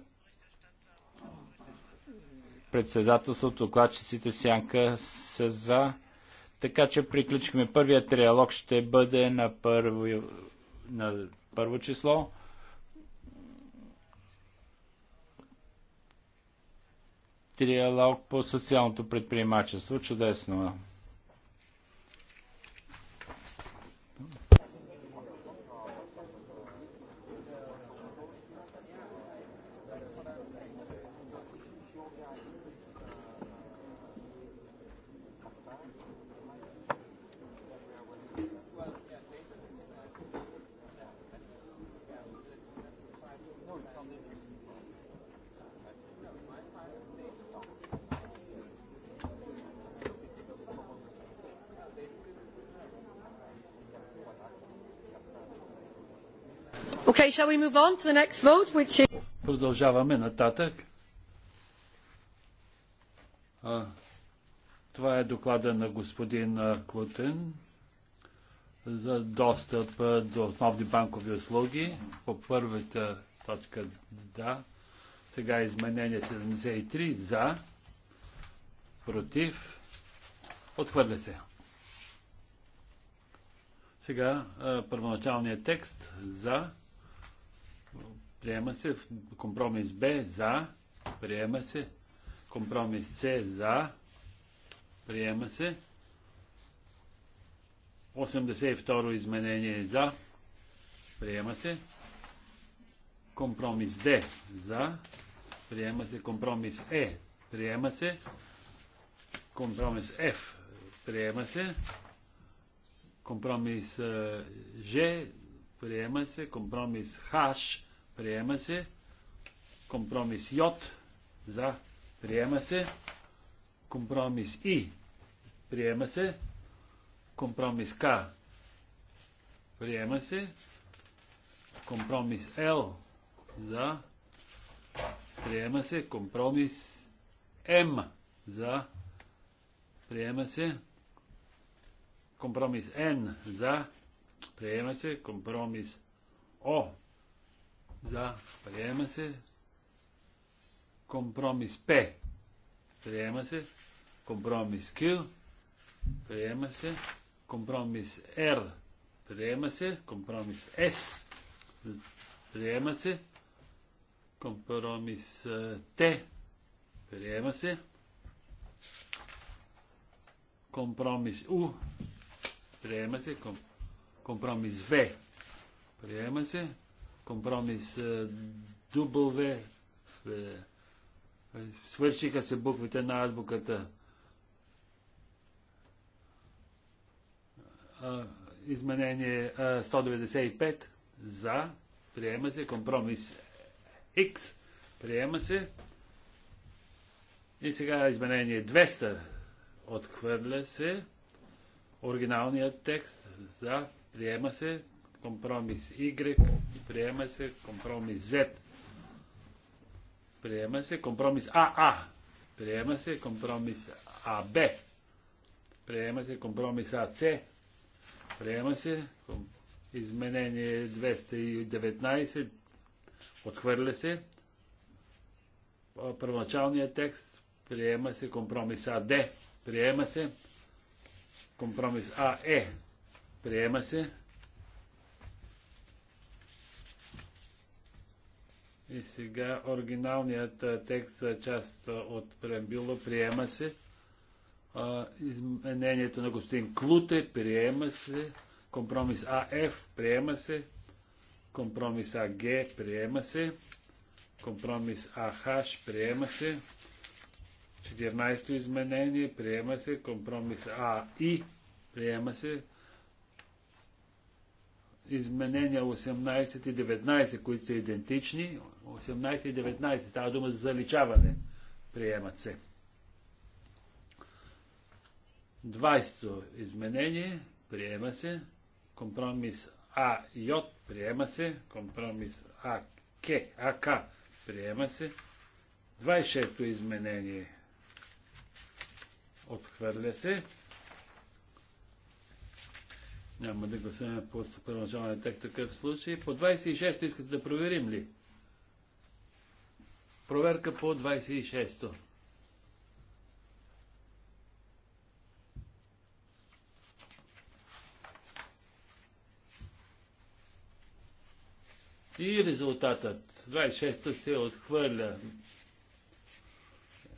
председателството, докладчиците в сянка са за. Така че приключихме. Първият триалог ще бъде на първо, на първо число. Триалог по социалното предприемачество. Чудесно. Okay, shall we move on to the next vote, which is... Продължаваме нататък. А, това е доклада на господин Клутен за достъп до основни банкови услуги. По първата точка да. Сега изменение 73 за, против, отхвърля се. Сега първоначалният текст за Приема се компромис Б за. Приема се компромис С за. Приема се. 82 изменение е за. Приема се. Компромис Д за. Приема се компромис Е. Приема се. Компромис Ф. Приема се. Компромис е, Ж. Приема се. Компромис Х приема се. Компромис Й за, приема се. Компромис И, приема се. Компромис К, приема се. Компромис Л, за, приема се. Компромис М, за, приема се. Компромис Н, за, приема се. Компромис О, за, приема се. Компромис П, приема се. Компромис Q, приема се. Компромис R, приема се. Компромис S, приема се. Компромис Т, приема се. Компромис У, приема се. Компромис В, приема се компромис дубове, е, свършиха се буквите на азбуката. Изменение 195 за, приема се, компромис X, приема се. И сега изменение 200 отхвърля се. Оригиналният текст за, приема се, Компромис Y. Приема се. Компромис Z. Приема се. Компромис АА. Приема се. Компромис АБ. Приема се. Компромис АЦ. Приема се. Изменение 219. Отхвърля се. Първоначалният текст. Приема се. Компромис АД. Приема се. Компромис АЕ. Приема се. И сега оригиналният текст за част от преамбюла приема се. Изменението на господин Клуте приема се. Компромис АФ приема се. Компромис АГ приема се. Компромис АХ приема се. 14-то изменение приема се. Компромис АИ приема се. Изменения 18 и 19, които са идентични, 18 и 19. Става дума за заличаване. Приемат се. 20-то изменение. Приема се. Компромис А J. Приема се. Компромис А К. АК. Приема се. 26-то изменение. Отхвърля се. Няма да гласуваме по първоначалния текст такъв случай. По 26-то искате да проверим ли? Проверка по 26-то. И резултатът. 26-то се отхвърля.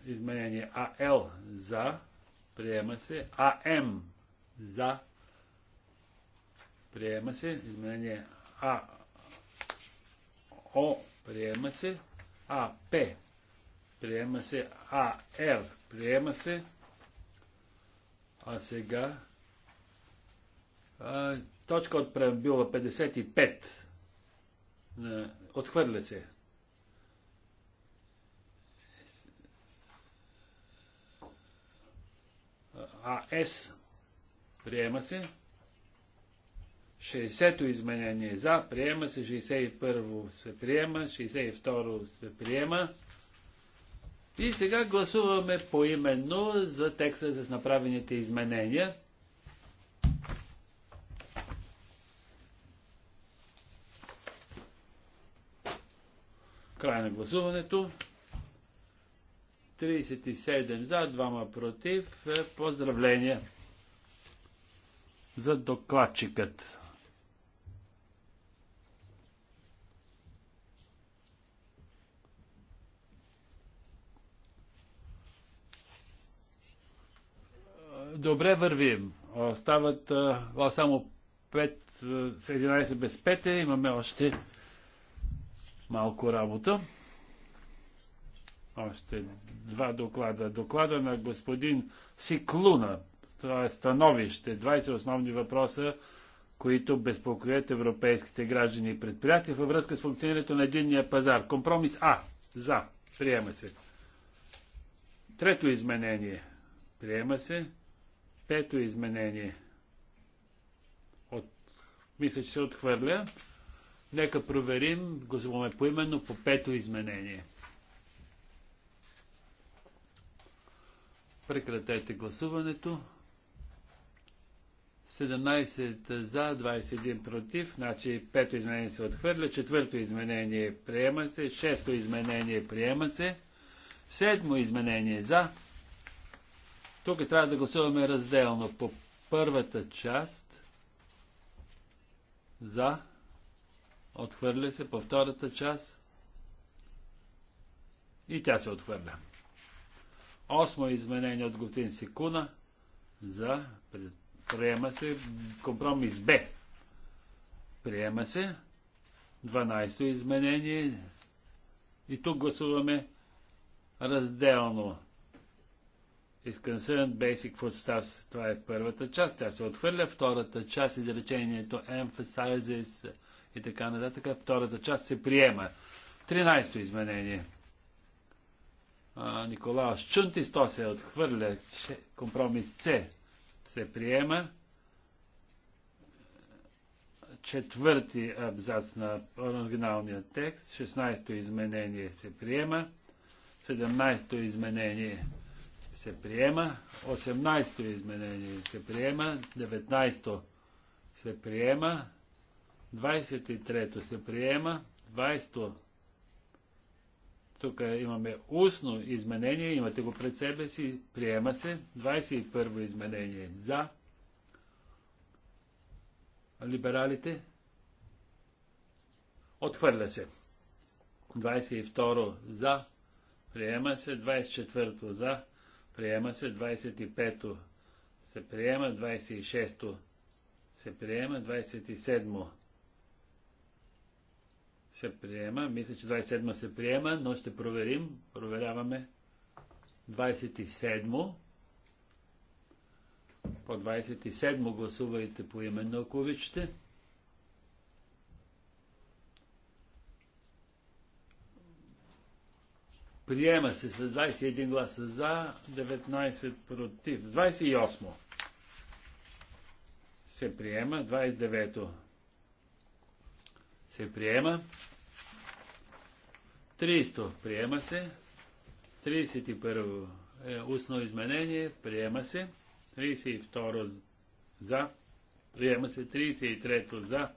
Изменение АЛ за. Приема се. АМ за. Приема се. Изменение А. О. Приема се. АП. Приема се АР. Приема се. А сега. А, точка от преамбюла 55. На, отхвърля се. А С Приема се. 60-то изменение за, приема се, 61-во се приема, 62 во се приема. И сега гласуваме поименно за текста с направените изменения. Край на гласуването. 37 за, 2 против. Поздравления за докладчикът. добре вървим. Стават а, само 5, 11 без 5, е. имаме още малко работа. Още два доклада. Доклада на господин Сиклуна, това е становище, 20 основни въпроса, които безпокоят европейските граждани и предприятия във връзка с функционирането на единния пазар. Компромис А. За. Приема се. Трето изменение. Приема се. Пето изменение. От... Мисля, че се отхвърля. Нека проверим, по поименно по пето изменение. Прекратете гласуването. 17 за, 21 против, значи пето изменение се отхвърля, четвърто изменение приема се, шесто изменение приема се, седмо изменение за, тук е, трябва да гласуваме разделно по първата част за отхвърля се по втората част и тя се отхвърля. Осмо изменение от Готин Секуна за приема се компромис Б. Приема се 12-то изменение и тук гласуваме разделно is concerned basic foodstuffs. Това е първата част. Тя се отхвърля. Втората част, изречението emphasizes и така нататък. Втората част се приема. 13-то изменение. А, Чунтис, то се отхвърля. Компромис С се приема. Четвърти абзац на оригиналния текст. 16-то изменение се приема. 17-то изменение се приема, 18-то изменение се приема, 19-то се приема, 23-то се приема, 20-то тук имаме устно изменение, имате го пред себе си, приема се. 21 изменение за либералите. Отхвърля се. 22 за. Приема се. 24 за. Приема се 25-то. Се приема 26-то. Се приема 27-то. Се приема. Мисля, че 27-ма се приема, но ще проверим. Проверяваме 27-мо. По 27-мо гласувайте по именно, ако обичате. 27 Приема се с 21 гласа за, 19 против. 28 се приема, 29 се приема, 300 приема се, 31 е устно изменение, приема се, 32 за, приема се, 33 за,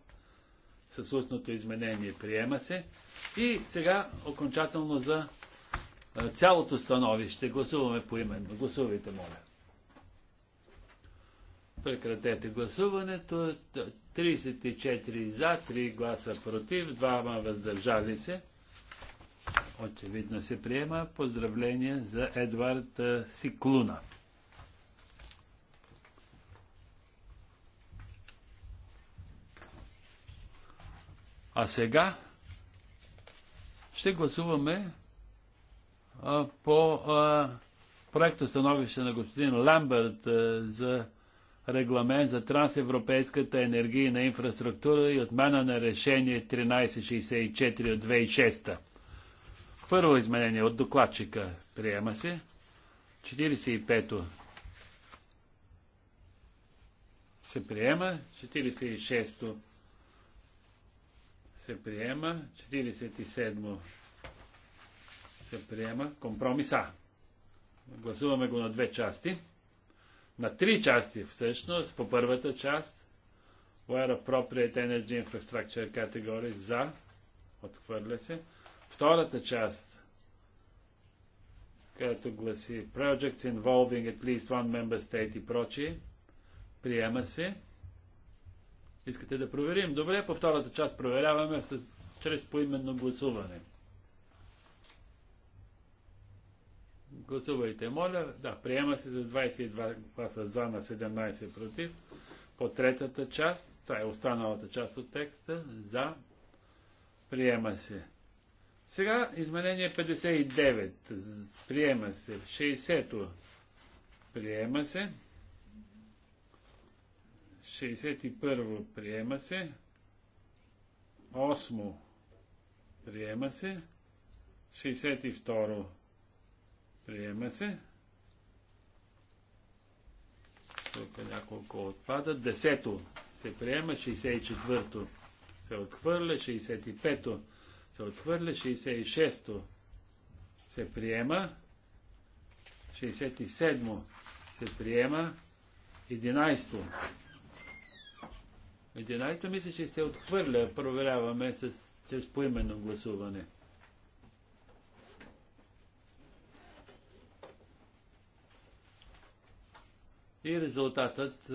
с устното изменение приема се. И сега окончателно за е, цялото становище гласуваме по именно. Гласувайте, моля. Прекратете гласуването. 34 за, 3 гласа против, 2 въздържали се. Очевидно се приема. Поздравление за Едвард е, Сиклуна. А сега ще гласуваме по проекта становище на господин Ламберт за регламент за трансевропейската енергийна инфраструктура и отмяна на решение 1364 от 2006. Първо изменение от докладчика приема се. 45-то се приема. 46-то се приема. 47-то се приема компромиса. Гласуваме го на две части. На три части всъщност. По първата част Where Appropriate Energy Infrastructure Category за отхвърля се. Втората част където гласи Projects involving at least one member state и прочие приема се. Искате да проверим? Добре, по втората част проверяваме с, чрез поименно гласуване. Гласувайте, моля. Да, приема се за 22 гласа за на 17 против. По третата част, това е останалата част от текста, за. Приема се. Сега изменение 59. Приема се. 60-то. Приема се. 61-во. Приема се. 8-о. Приема се. 62-о. Приема се. Тук няколко отпада. Десето се приема, 64-то се отхвърля, 65-то се отхвърля, 66-то се приема, 67-то се приема, 11-то. 11-то мисля, че се отхвърля. Проверяваме с, чрез поименно гласуване. 11 И резултатът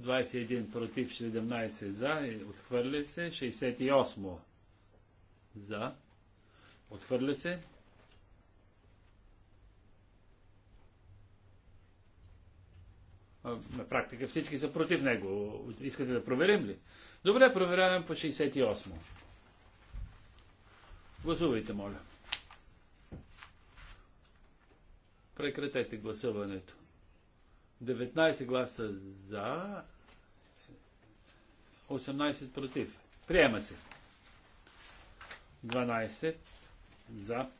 21 е, против 17 за, отхвърля се, 68 за, отхвърля се. На практика всички са против него. Искате да проверим ли? Добре, проверяваме по 68. Гласувайте, моля. Прекратете гласуването. 19 гласа за, 18 против. Приема се. 12 за.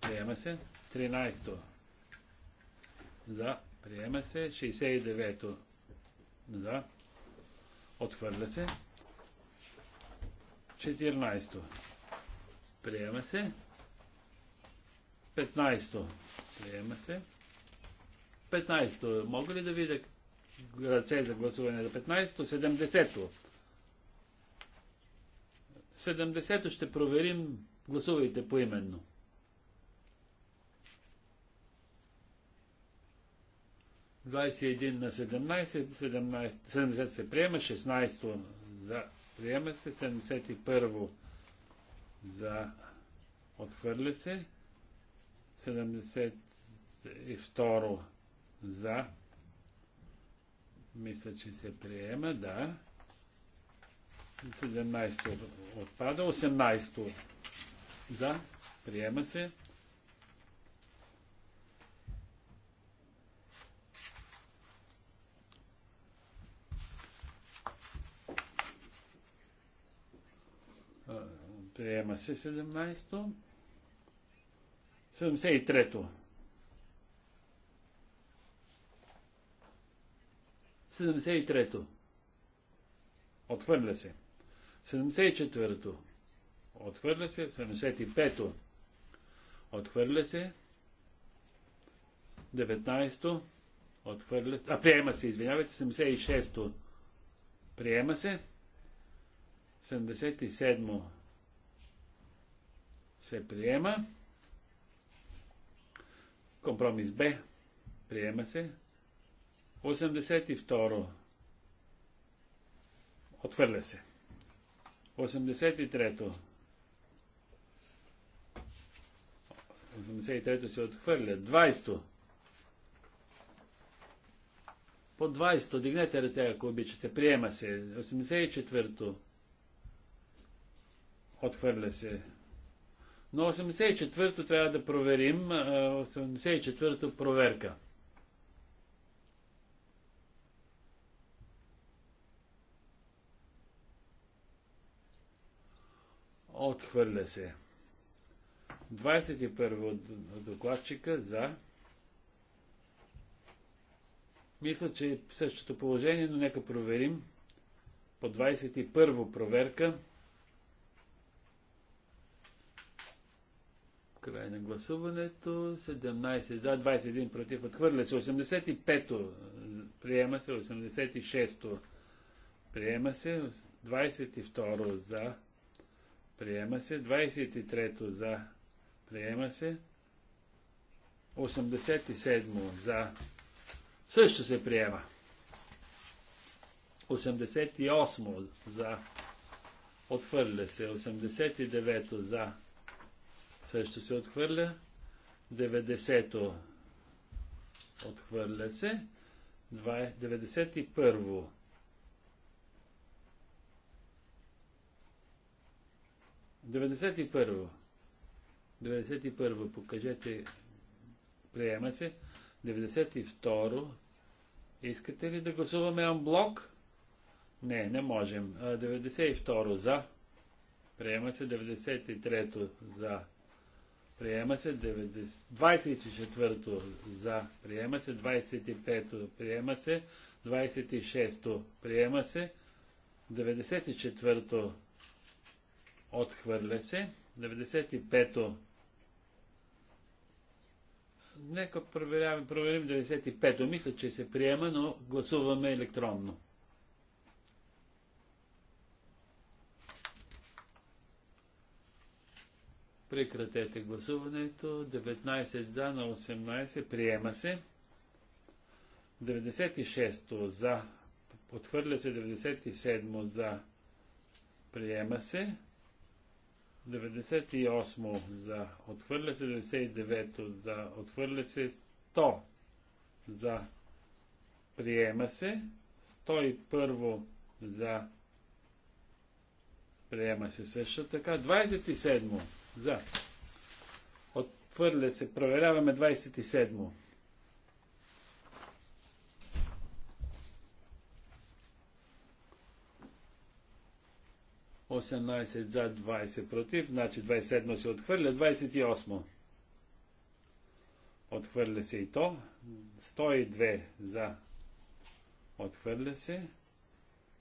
Приема се. 13 за. Приема се. 69 за. Отхвърля се. 14 Приема се. 15 Приема се. 15-то. Мога ли да видя ръце за гласуване за 15-то? 70-то. 70-то ще проверим. Гласувайте поименно. Двадесет един на 17, 17, 70 се приема, 16 за приема се, 71 за отхвърля се, 72 за. Мисля, че се приема, да. 17 то отпада, 18 то за, приема се. Приема се 17. то 73-то. 73-то. Отхвърля се. 74-то. Отхвърля се. 75-то. Отхвърля се. 19-то. Отхвърля се. А, приема се, извинявайте. 76-то. Приема се. 77-то. Се приема. Компромис Б. Приема се. 82. Отхвърля се. 83 83-то се отхвърля. 20-то. По 20-то. Дигнете ръце, ако обичате. Приема се. 84-то. Отхвърля се. Но 84-то трябва да проверим. 84-то проверка. 84-то. Отхвърля се. 21 от докладчика за. Мисля, че е същото положение, но нека проверим. По 21 проверка. Край на гласуването. 17 за, 21 против. Отхвърля се. 85-то. Приема се. 86-то. Приема се. 22 за Приема се. 23-то за. Приема се. 87 за. Също се приема. 88 за. Отхвърля се. 89 за. Също се отхвърля. 90 отхвърля се. 91 91. 91. Покажете. Приема се. 92. Искате ли да гласуваме анблок? Не, не можем. 92 за. Приема се 93 за. Приема се 24 24 за. Приема се 25 Приема се 26 Приема се 94 Отхвърля се. 95-то. Нека проверяваме, проверим 95-то. Мисля, че се приема, но гласуваме електронно. Прекратете гласуването. 19 за на 18. Приема се. 96 за. Отхвърля се 97 за. Приема се. 98 за, отхвърля се 99 за, отхвърля се 100 за, приема се 101 за, приема се също така 27 за, отхвърля се, проверяваме 27 18 за, 20 против, значи 27 се отхвърля, 28. Отхвърля се и то. 102 за. Отхвърля се.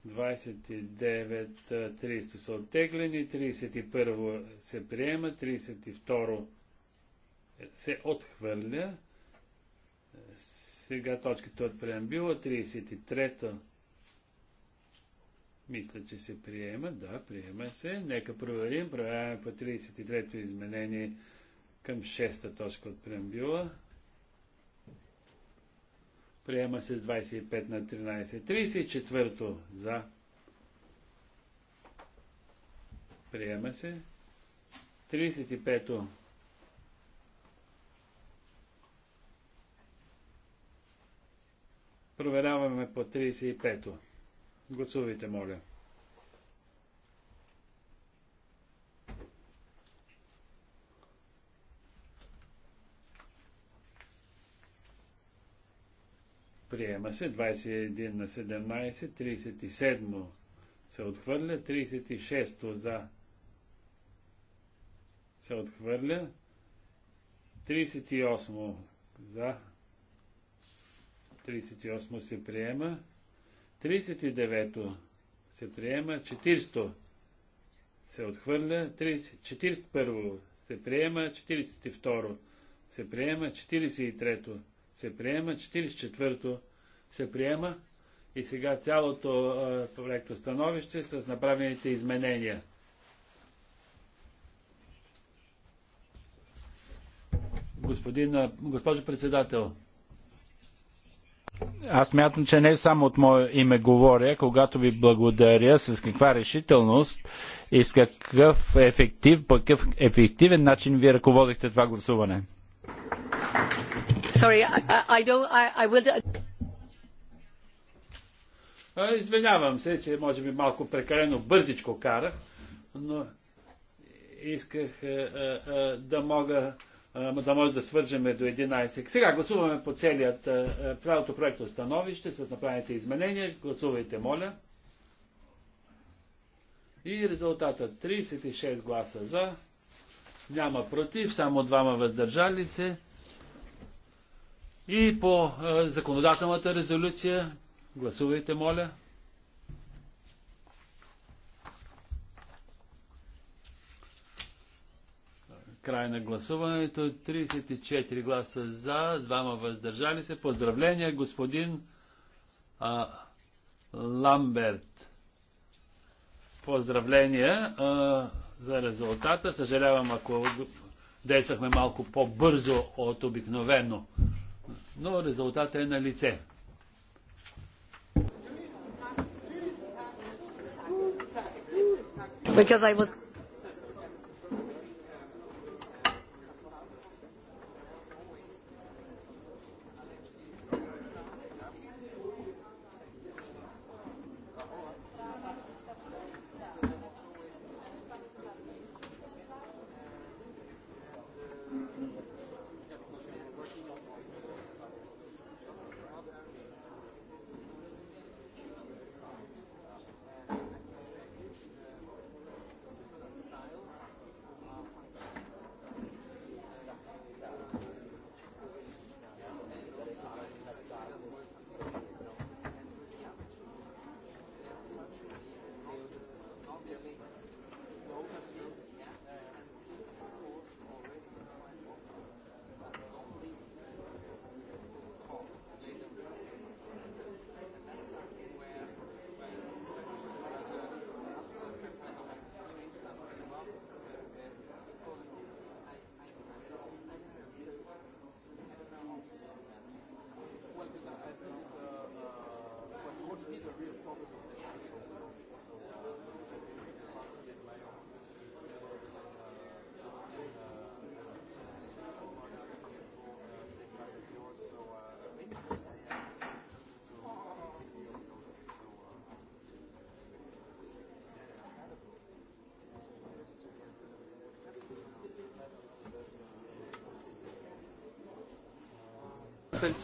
29, 30 са оттеглени, 31 се приема, 32 се отхвърля. Сега точката от преамбила, 33 мисля, че се приема. Да, приема се. Нека проверим. Проверяваме по 33-то изменение към 6-та точка от преамбюла. Приема се с 25 на 13. 34-то за. Приема се. 35-то. Проверяваме по 35-то. Гласувайте, моля. Приема се 21 на 17, 37 се отхвърля, 36 за се отхвърля, 38 за 38 се приема, 39-то се приема, 40-то се отхвърля, 41 се приема, 42-то се приема, 43-то се приема, 44-то се приема и сега цялото проекто становище с направените изменения. Господин, госпожо председател, аз мятам, че не само от мое име говоря, когато ви благодаря с каква решителност и с какъв ефектив, какъв ефективен начин ви ръководихте това гласуване. Sorry, I, I I, will... Извинявам се, че може би малко прекалено бързичко карах, но исках а, а, да мога да може да свържеме до 11. Сега гласуваме по целият правилното проекто становище с направените изменения. Гласувайте, моля. И резултата 36 гласа за, няма против, само двама въздържали се. И по законодателната резолюция гласувайте, моля. Край на гласуването. 34 гласа за, двама въздържали се. Поздравления, господин а, Ламберт. Поздравления а, за резултата. Съжалявам, ако действахме малко по-бързо от обикновено. Но резултата е на лице. Because I was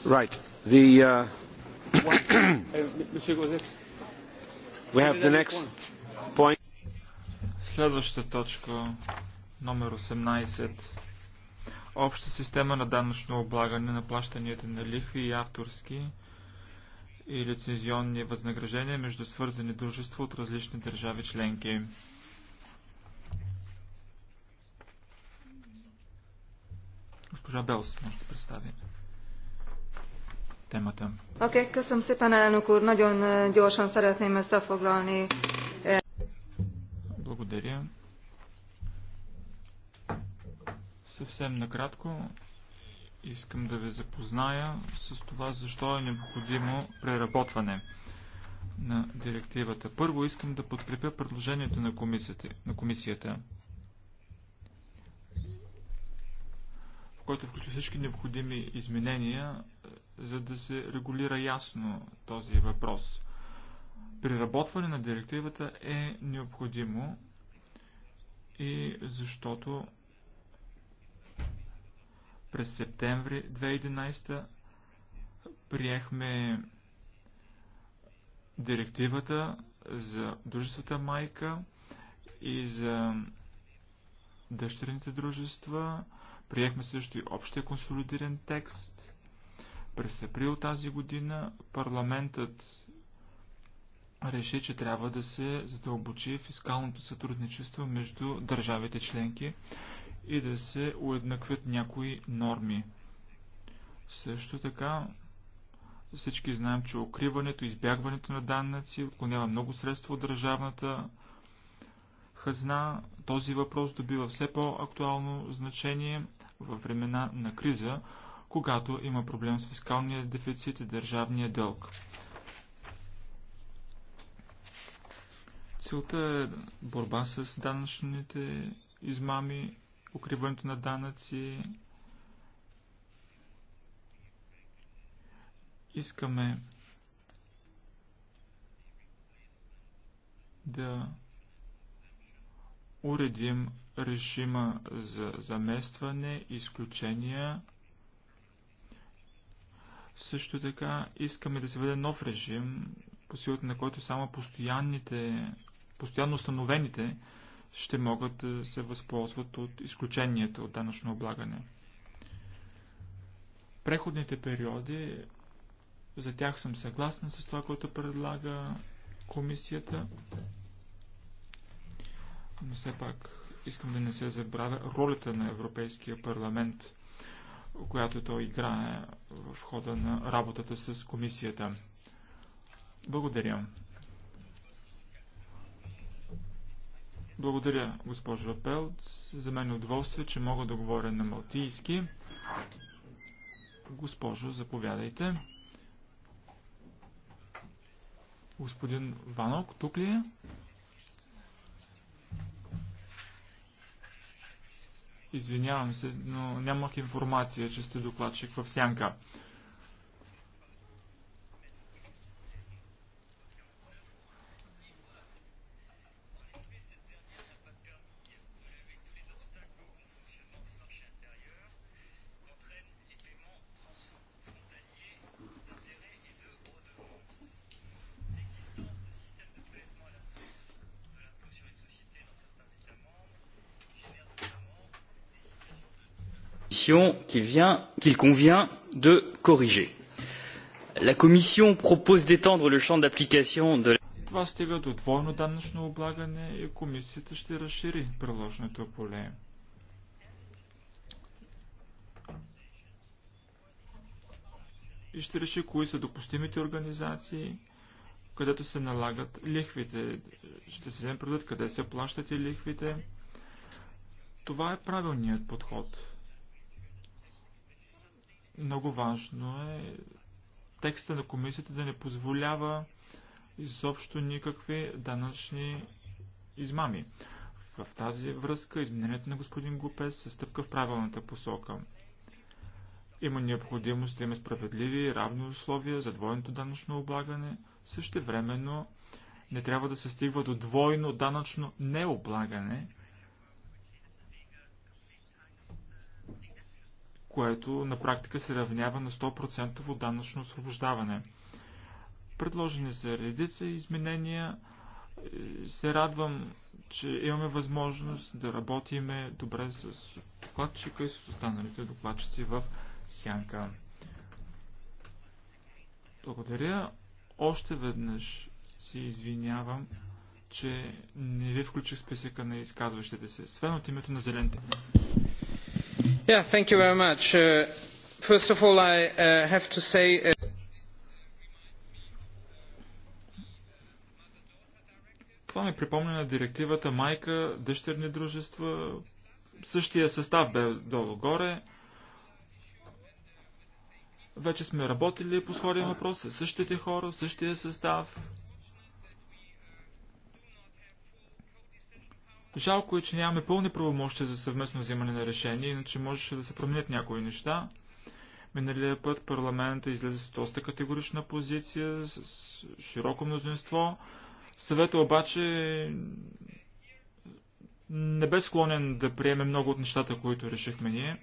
Right. The, uh, uh we have the next point. Следваща точка, номер 18. Обща система на данъчно облагане на плащанията на лихви и авторски и лицензионни възнаграждения между свързани дружества от различни държави членки. Госпожа Белс може да представи темата. Окей, късъм се, пане Енокур. Надян Дьошан, съретнем съфоглани. Благодаря. Съвсем накратко искам да ви запозная с това, защо е необходимо преработване на директивата. Първо искам да подкрепя предложението на комисията, на комисията в който включва всички необходими изменения, за да се регулира ясно този въпрос. Приработване на директивата е необходимо и защото през септември 2011 приехме директивата за дружествата майка и за дъщерните дружества. Приехме също и общия консолидиран текст през април тази година парламентът реши, че трябва да се задълбочи фискалното сътрудничество между държавите членки и да се уеднаквят някои норми. Също така, всички знаем, че укриването, избягването на данъци отклонява много средства от държавната хазна. Този въпрос добива все по-актуално значение във времена на криза, когато има проблем с фискалния дефицит и държавния дълг. Целта е борба с данъчните измами, укриването на данъци. Искаме да уредим режима за заместване, изключения също така искаме да се въде нов режим, по силата на който само постоянните, постоянно установените ще могат да се възползват от изключенията от данъчно облагане. Преходните периоди, за тях съм съгласен с това, което предлага комисията, но все пак искам да не се забравя ролята на Европейския парламент – която той играе в хода на работата с комисията. Благодаря. Благодаря, госпожо Пелц. За мен е удоволствие, че мога да говоря на малтийски. Госпожо, заповядайте. Господин Ванок, тук ли е? Извинявам се, но нямах информация, че сте докладчик в сянка. commission qu'il convient de corriger. La Commission propose d'étendre le champ d'application de това стига до двойно данъчно облагане и комисията ще разшири приложното поле. И ще реши кои са допустимите организации, където се налагат лихвите. Ще се вземе предвид къде се плащат и лихвите. Това е правилният подход. Много важно е текста на комисията да не позволява изобщо никакви данъчни измами. В тази връзка изменението на господин Глупес се стъпка в правилната посока. Има необходимост да има справедливи и равни условия за двойното данъчно облагане. времено не трябва да се стигва до двойно данъчно необлагане – което на практика се равнява на 100% данъчно освобождаване. Предложени са редица изменения. Е, се радвам, че имаме възможност да работиме добре с докладчика и с останалите докладчици в сянка. Благодаря. Още веднъж си извинявам, че не ви включих списъка на изказващите се. Свен от името на зелените thank you very much. Uh, first of all, I uh, have to say. Uh, Това ми припомня на директивата майка, дъщерни дружества. Същия състав бе долу-горе. Вече сме работили по сходен въпрос с същите хора, същия състав. Жалко е, че нямаме пълни правомощи за съвместно взимане на решение, иначе можеше да се променят някои неща. Миналия път парламента излезе с доста категорична позиция, с широко мнозинство. Съвета обаче не бе склонен да приеме много от нещата, които решихме ние.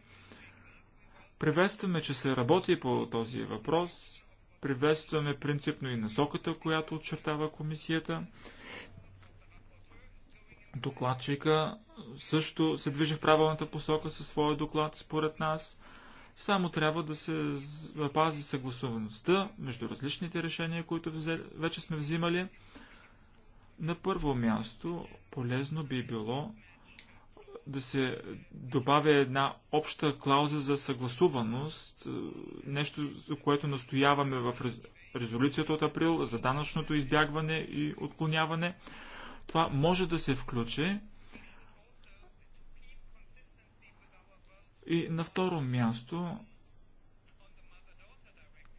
Приветстваме, че се работи по този въпрос. Приветстваме принципно и насоката, която очертава комисията. Докладчика също се движи в правилната посока със своя доклад, според нас. Само трябва да се запази съгласуваността между различните решения, които вече сме взимали. На първо място, полезно би било да се добавя една обща клауза за съгласуваност, е, нещо, за което настояваме в резолюцията от април, за данъчното избягване и отклоняване. Това може да се включи. И на второ място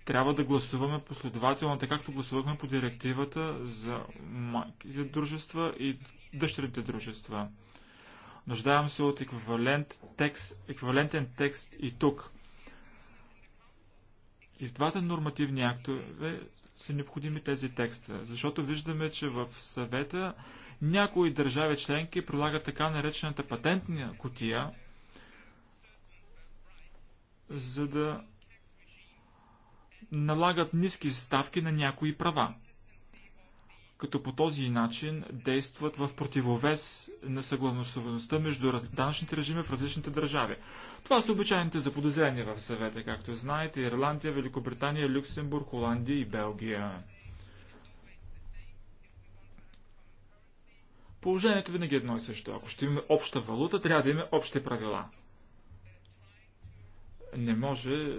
трябва да гласуваме последователно, така както гласувахме по директивата за майките дружества и дъщерните дружества. Нуждавам се от еквивалент текст, еквивалентен текст и тук. И в двата нормативни актове са необходими тези текстове, защото виждаме, че в съвета някои държави членки прилагат така наречената патентна котия, за да налагат ниски ставки на някои права като по този начин действат в противовес на съгласността между данъчните режими в различните държави. Това са обичайните заподозрения в съвета, както знаете, Ирландия, Великобритания, Люксембург, Холандия и Белгия. Положението винаги е едно и също. Ако ще имаме обща валута, трябва да имаме общи правила. Не може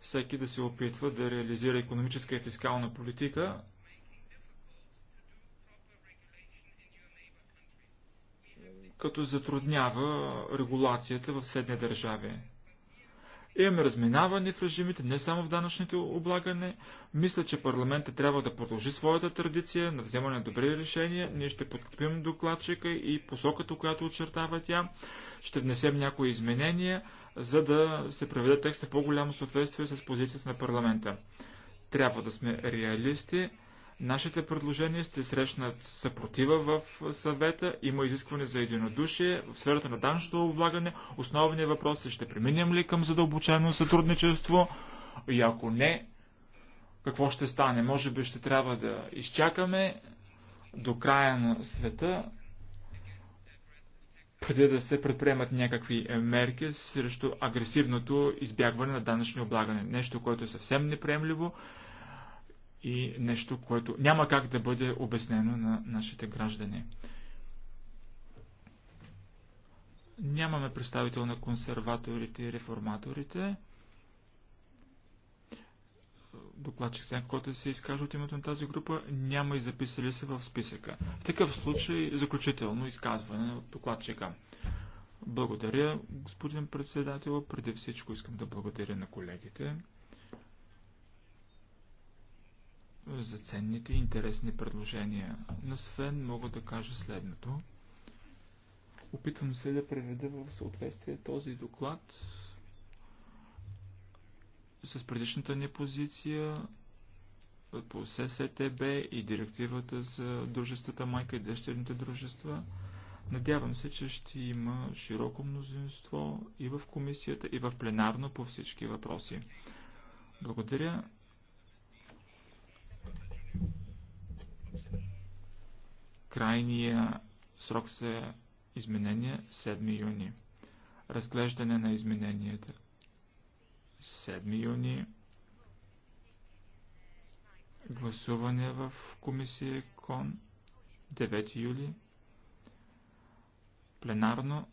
всеки да се опитва да реализира економическа и фискална политика, като затруднява регулацията в съседни държави. Имаме разминаване в режимите, не само в данъчните облагане. Мисля, че парламентът трябва да продължи своята традиция на вземане на добри решения. Ние ще подкрепим докладчика и посоката, която очертава тя. Ще внесем някои изменения, за да се преведе текста в по-голямо съответствие с позицията на парламента. Трябва да сме реалисти Нашите предложения ще срещнат съпротива в съвета. Има изискване за единодушие в сферата на данъчното облагане. Основният въпрос е ще преминем ли към задълбочено сътрудничество и ако не, какво ще стане? Може би ще трябва да изчакаме до края на света, преди да се предприемат някакви мерки срещу агресивното избягване на данъчни облагане. Нещо, което е съвсем неприемливо и нещо, което няма как да бъде обяснено на нашите граждани. Нямаме представител на консерваторите и реформаторите. Докладчик сега, който се изкаже от името на тази група, няма и записали се в списъка. В такъв случай заключително изказване от докладчика. Благодаря, господин председател. Преди всичко искам да благодаря на колегите, за ценните и интересни предложения. На Свен мога да кажа следното. Опитвам се да преведа в съответствие този доклад с предишната ни позиция по ССТБ и директивата за дружествата майка и дъщерните дружества. Надявам се, че ще има широко мнозинство и в комисията, и в пленарно по всички въпроси. Благодаря. Крайния срок за изменения 7 юни. Разглеждане на измененията 7 юни. Гласуване в комисия КОН 9 юли. Пленарно